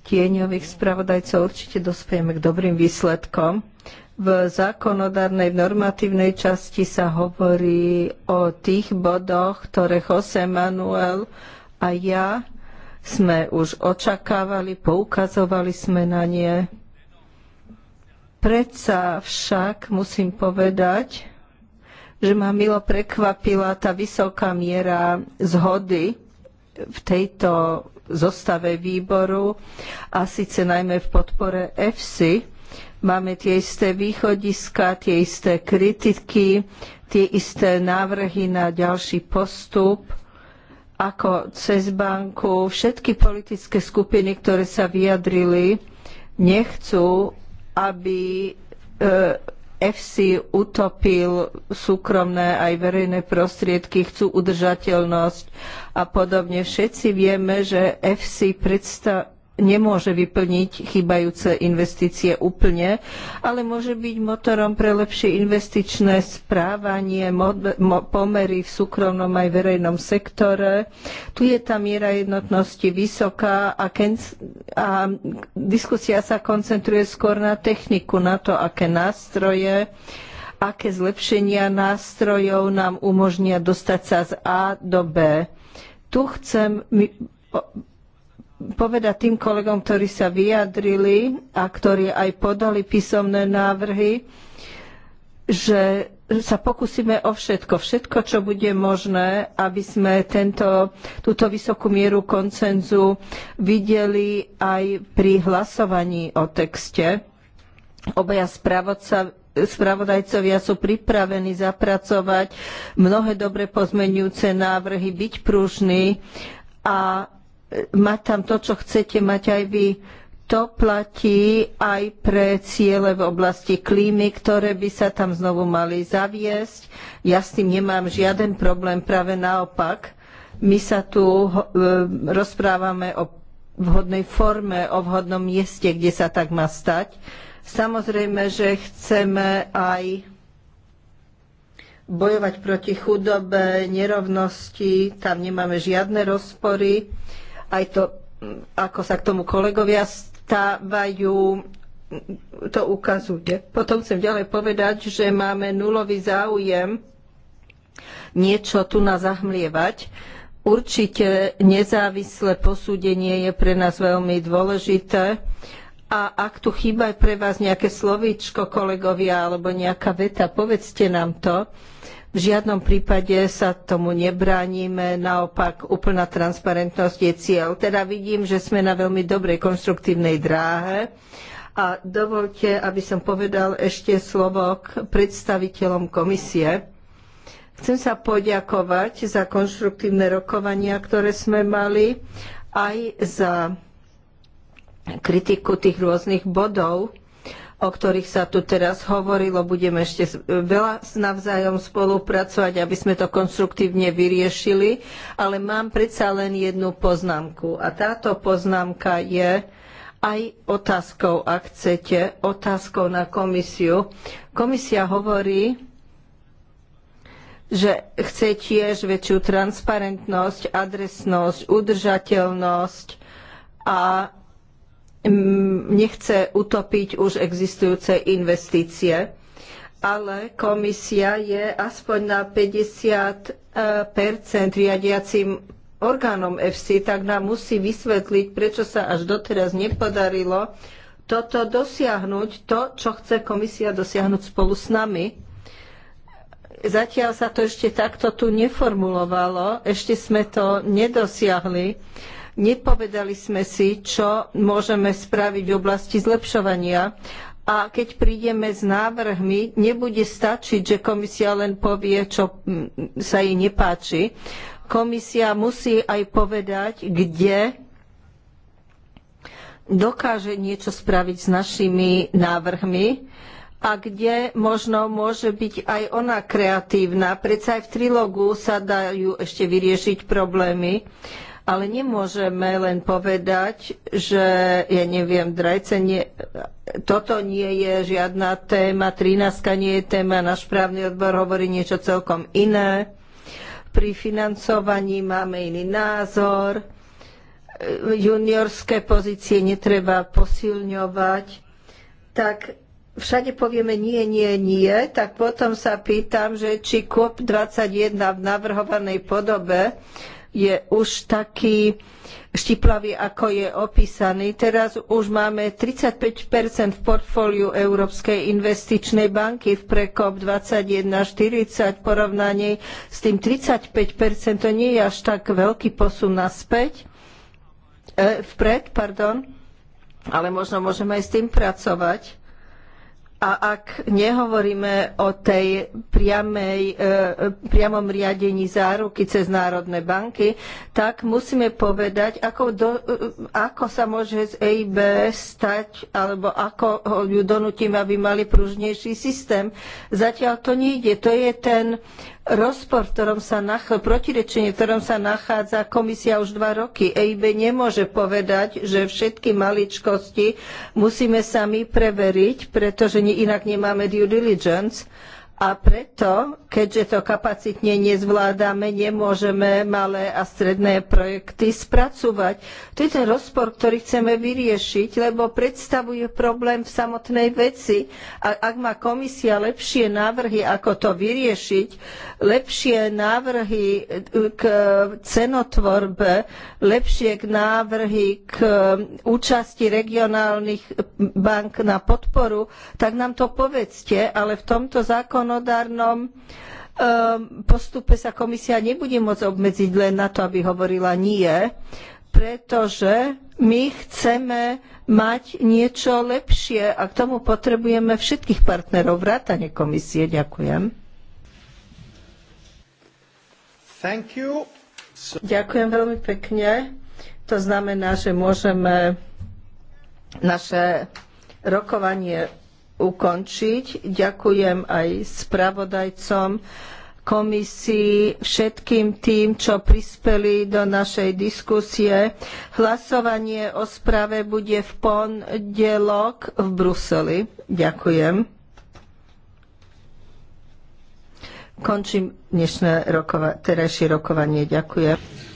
tieňových spravodajcov. Určite dospejeme k dobrým výsledkom. V zákonodárnej v normatívnej časti sa hovorí o tých bodoch, ktoré Jose Manuel a ja sme už očakávali, poukazovali sme na nie. Predsa však musím povedať, že ma milo prekvapila tá vysoká miera zhody v tejto zostave výboru a síce najmä v podpore EFSI, Máme tie isté východiska, tie isté kritiky, tie isté návrhy na ďalší postup ako cez banku. Všetky politické skupiny, ktoré sa vyjadrili, nechcú, aby e, FC utopil súkromné aj verejné prostriedky, chcú udržateľnosť a podobne. Všetci vieme, že FC predstav nemôže vyplniť chýbajúce investície úplne, ale môže byť motorom pre lepšie investičné správanie, pomery v súkromnom aj verejnom sektore. Tu je tá miera jednotnosti vysoká a, a diskusia sa koncentruje skôr na techniku, na to, aké nástroje aké zlepšenia nástrojov nám umožnia dostať sa z A do B. Tu chcem povedať tým kolegom, ktorí sa vyjadrili a ktorí aj podali písomné návrhy, že sa pokúsime o všetko, všetko, čo bude možné, aby sme tento, túto vysokú mieru koncenzu videli aj pri hlasovaní o texte. Obaja spravodajcovia sú pripravení zapracovať mnohé dobre pozmenujúce návrhy, byť pružní a mať tam to, čo chcete mať aj vy. To platí aj pre ciele v oblasti klímy, ktoré by sa tam znovu mali zaviesť. Ja s tým nemám žiaden problém, práve naopak. My sa tu e, rozprávame o vhodnej forme, o vhodnom mieste, kde sa tak má stať. Samozrejme, že chceme aj bojovať proti chudobe, nerovnosti, tam nemáme žiadne rozpory aj to, ako sa k tomu kolegovia stávajú, to ukazuje. Potom chcem ďalej povedať, že máme nulový záujem niečo tu na zahmlievať. Určite nezávislé posúdenie je pre nás veľmi dôležité. A ak tu chýba pre vás nejaké slovíčko, kolegovia, alebo nejaká veta, povedzte nám to v žiadnom prípade sa tomu nebránime, naopak úplná transparentnosť je cieľ. Teda vidím, že sme na veľmi dobrej konštruktívnej dráhe. A dovolte, aby som povedal ešte slovo k predstaviteľom komisie. Chcem sa poďakovať za konštruktívne rokovania, ktoré sme mali, aj za kritiku tých rôznych bodov, o ktorých sa tu teraz hovorilo. Budeme ešte veľa navzájom spolupracovať, aby sme to konstruktívne vyriešili, ale mám predsa len jednu poznámku. A táto poznámka je aj otázkou, ak chcete, otázkou na komisiu. Komisia hovorí, že chce tiež väčšiu transparentnosť, adresnosť, udržateľnosť a nechce utopiť už existujúce investície, ale komisia je aspoň na 50 riadiacim orgánom FC, tak nám musí vysvetliť, prečo sa až doteraz nepodarilo toto dosiahnuť, to, čo chce komisia dosiahnuť spolu s nami. Zatiaľ sa to ešte takto tu neformulovalo, ešte sme to nedosiahli Nepovedali sme si, čo môžeme spraviť v oblasti zlepšovania. A keď prídeme s návrhmi, nebude stačiť, že komisia len povie, čo sa jej nepáči. Komisia musí aj povedať, kde dokáže niečo spraviť s našimi návrhmi a kde možno môže byť aj ona kreatívna. Predsa aj v trilógu sa dajú ešte vyriešiť problémy. Ale nemôžeme len povedať, že ja neviem, drajce nie, toto nie je žiadna téma, 13 nie je téma, náš právny odbor hovorí niečo celkom iné. Pri financovaní máme iný názor, juniorské pozície netreba posilňovať. Tak všade povieme nie, nie, nie, tak potom sa pýtam, že či COP21 v navrhovanej podobe je už taký štiplavý, ako je opísaný. Teraz už máme 35 v portfóliu Európskej investičnej banky v prekop 21,40 v porovnaní s tým 35 To nie je až tak veľký posun naspäť. E, vpred, pardon. Ale možno môžeme aj s tým pracovať. A ak nehovoríme o tej priamej, e, priamom riadení záruky cez národné banky, tak musíme povedať, ako, do, e, ako sa môže z EIB stať, alebo ako ju donútime, aby mali pružnejší systém. Zatiaľ to nejde. To je ten rozpor, v ktorom sa nach- protirečenie, v ktorom sa nachádza komisia už dva roky. EIB nemôže povedať, že všetky maličkosti musíme sami preveriť, pretože inak nemáme due diligence. A preto, keďže to kapacitne nezvládame, nemôžeme malé a stredné projekty spracúvať. To je ten rozpor, ktorý chceme vyriešiť, lebo predstavuje problém v samotnej veci. A ak má komisia lepšie návrhy, ako to vyriešiť, lepšie návrhy k cenotvorbe, lepšie k návrhy k účasti regionálnych bank na podporu, tak nám to povedzte, ale v tomto zákonu zákonodárnom ehm, postupe sa komisia nebude môcť obmedziť len na to, aby hovorila nie, pretože my chceme mať niečo lepšie a k tomu potrebujeme všetkých partnerov vrátane komisie. Ďakujem. So... Ďakujem veľmi pekne. To znamená, že môžeme naše rokovanie ukončiť. Ďakujem aj spravodajcom komisii, všetkým tým, čo prispeli do našej diskusie. Hlasovanie o správe bude v pondelok v Bruseli. Ďakujem. Končím dnešné rokova- terajšie rokovanie. Ďakujem.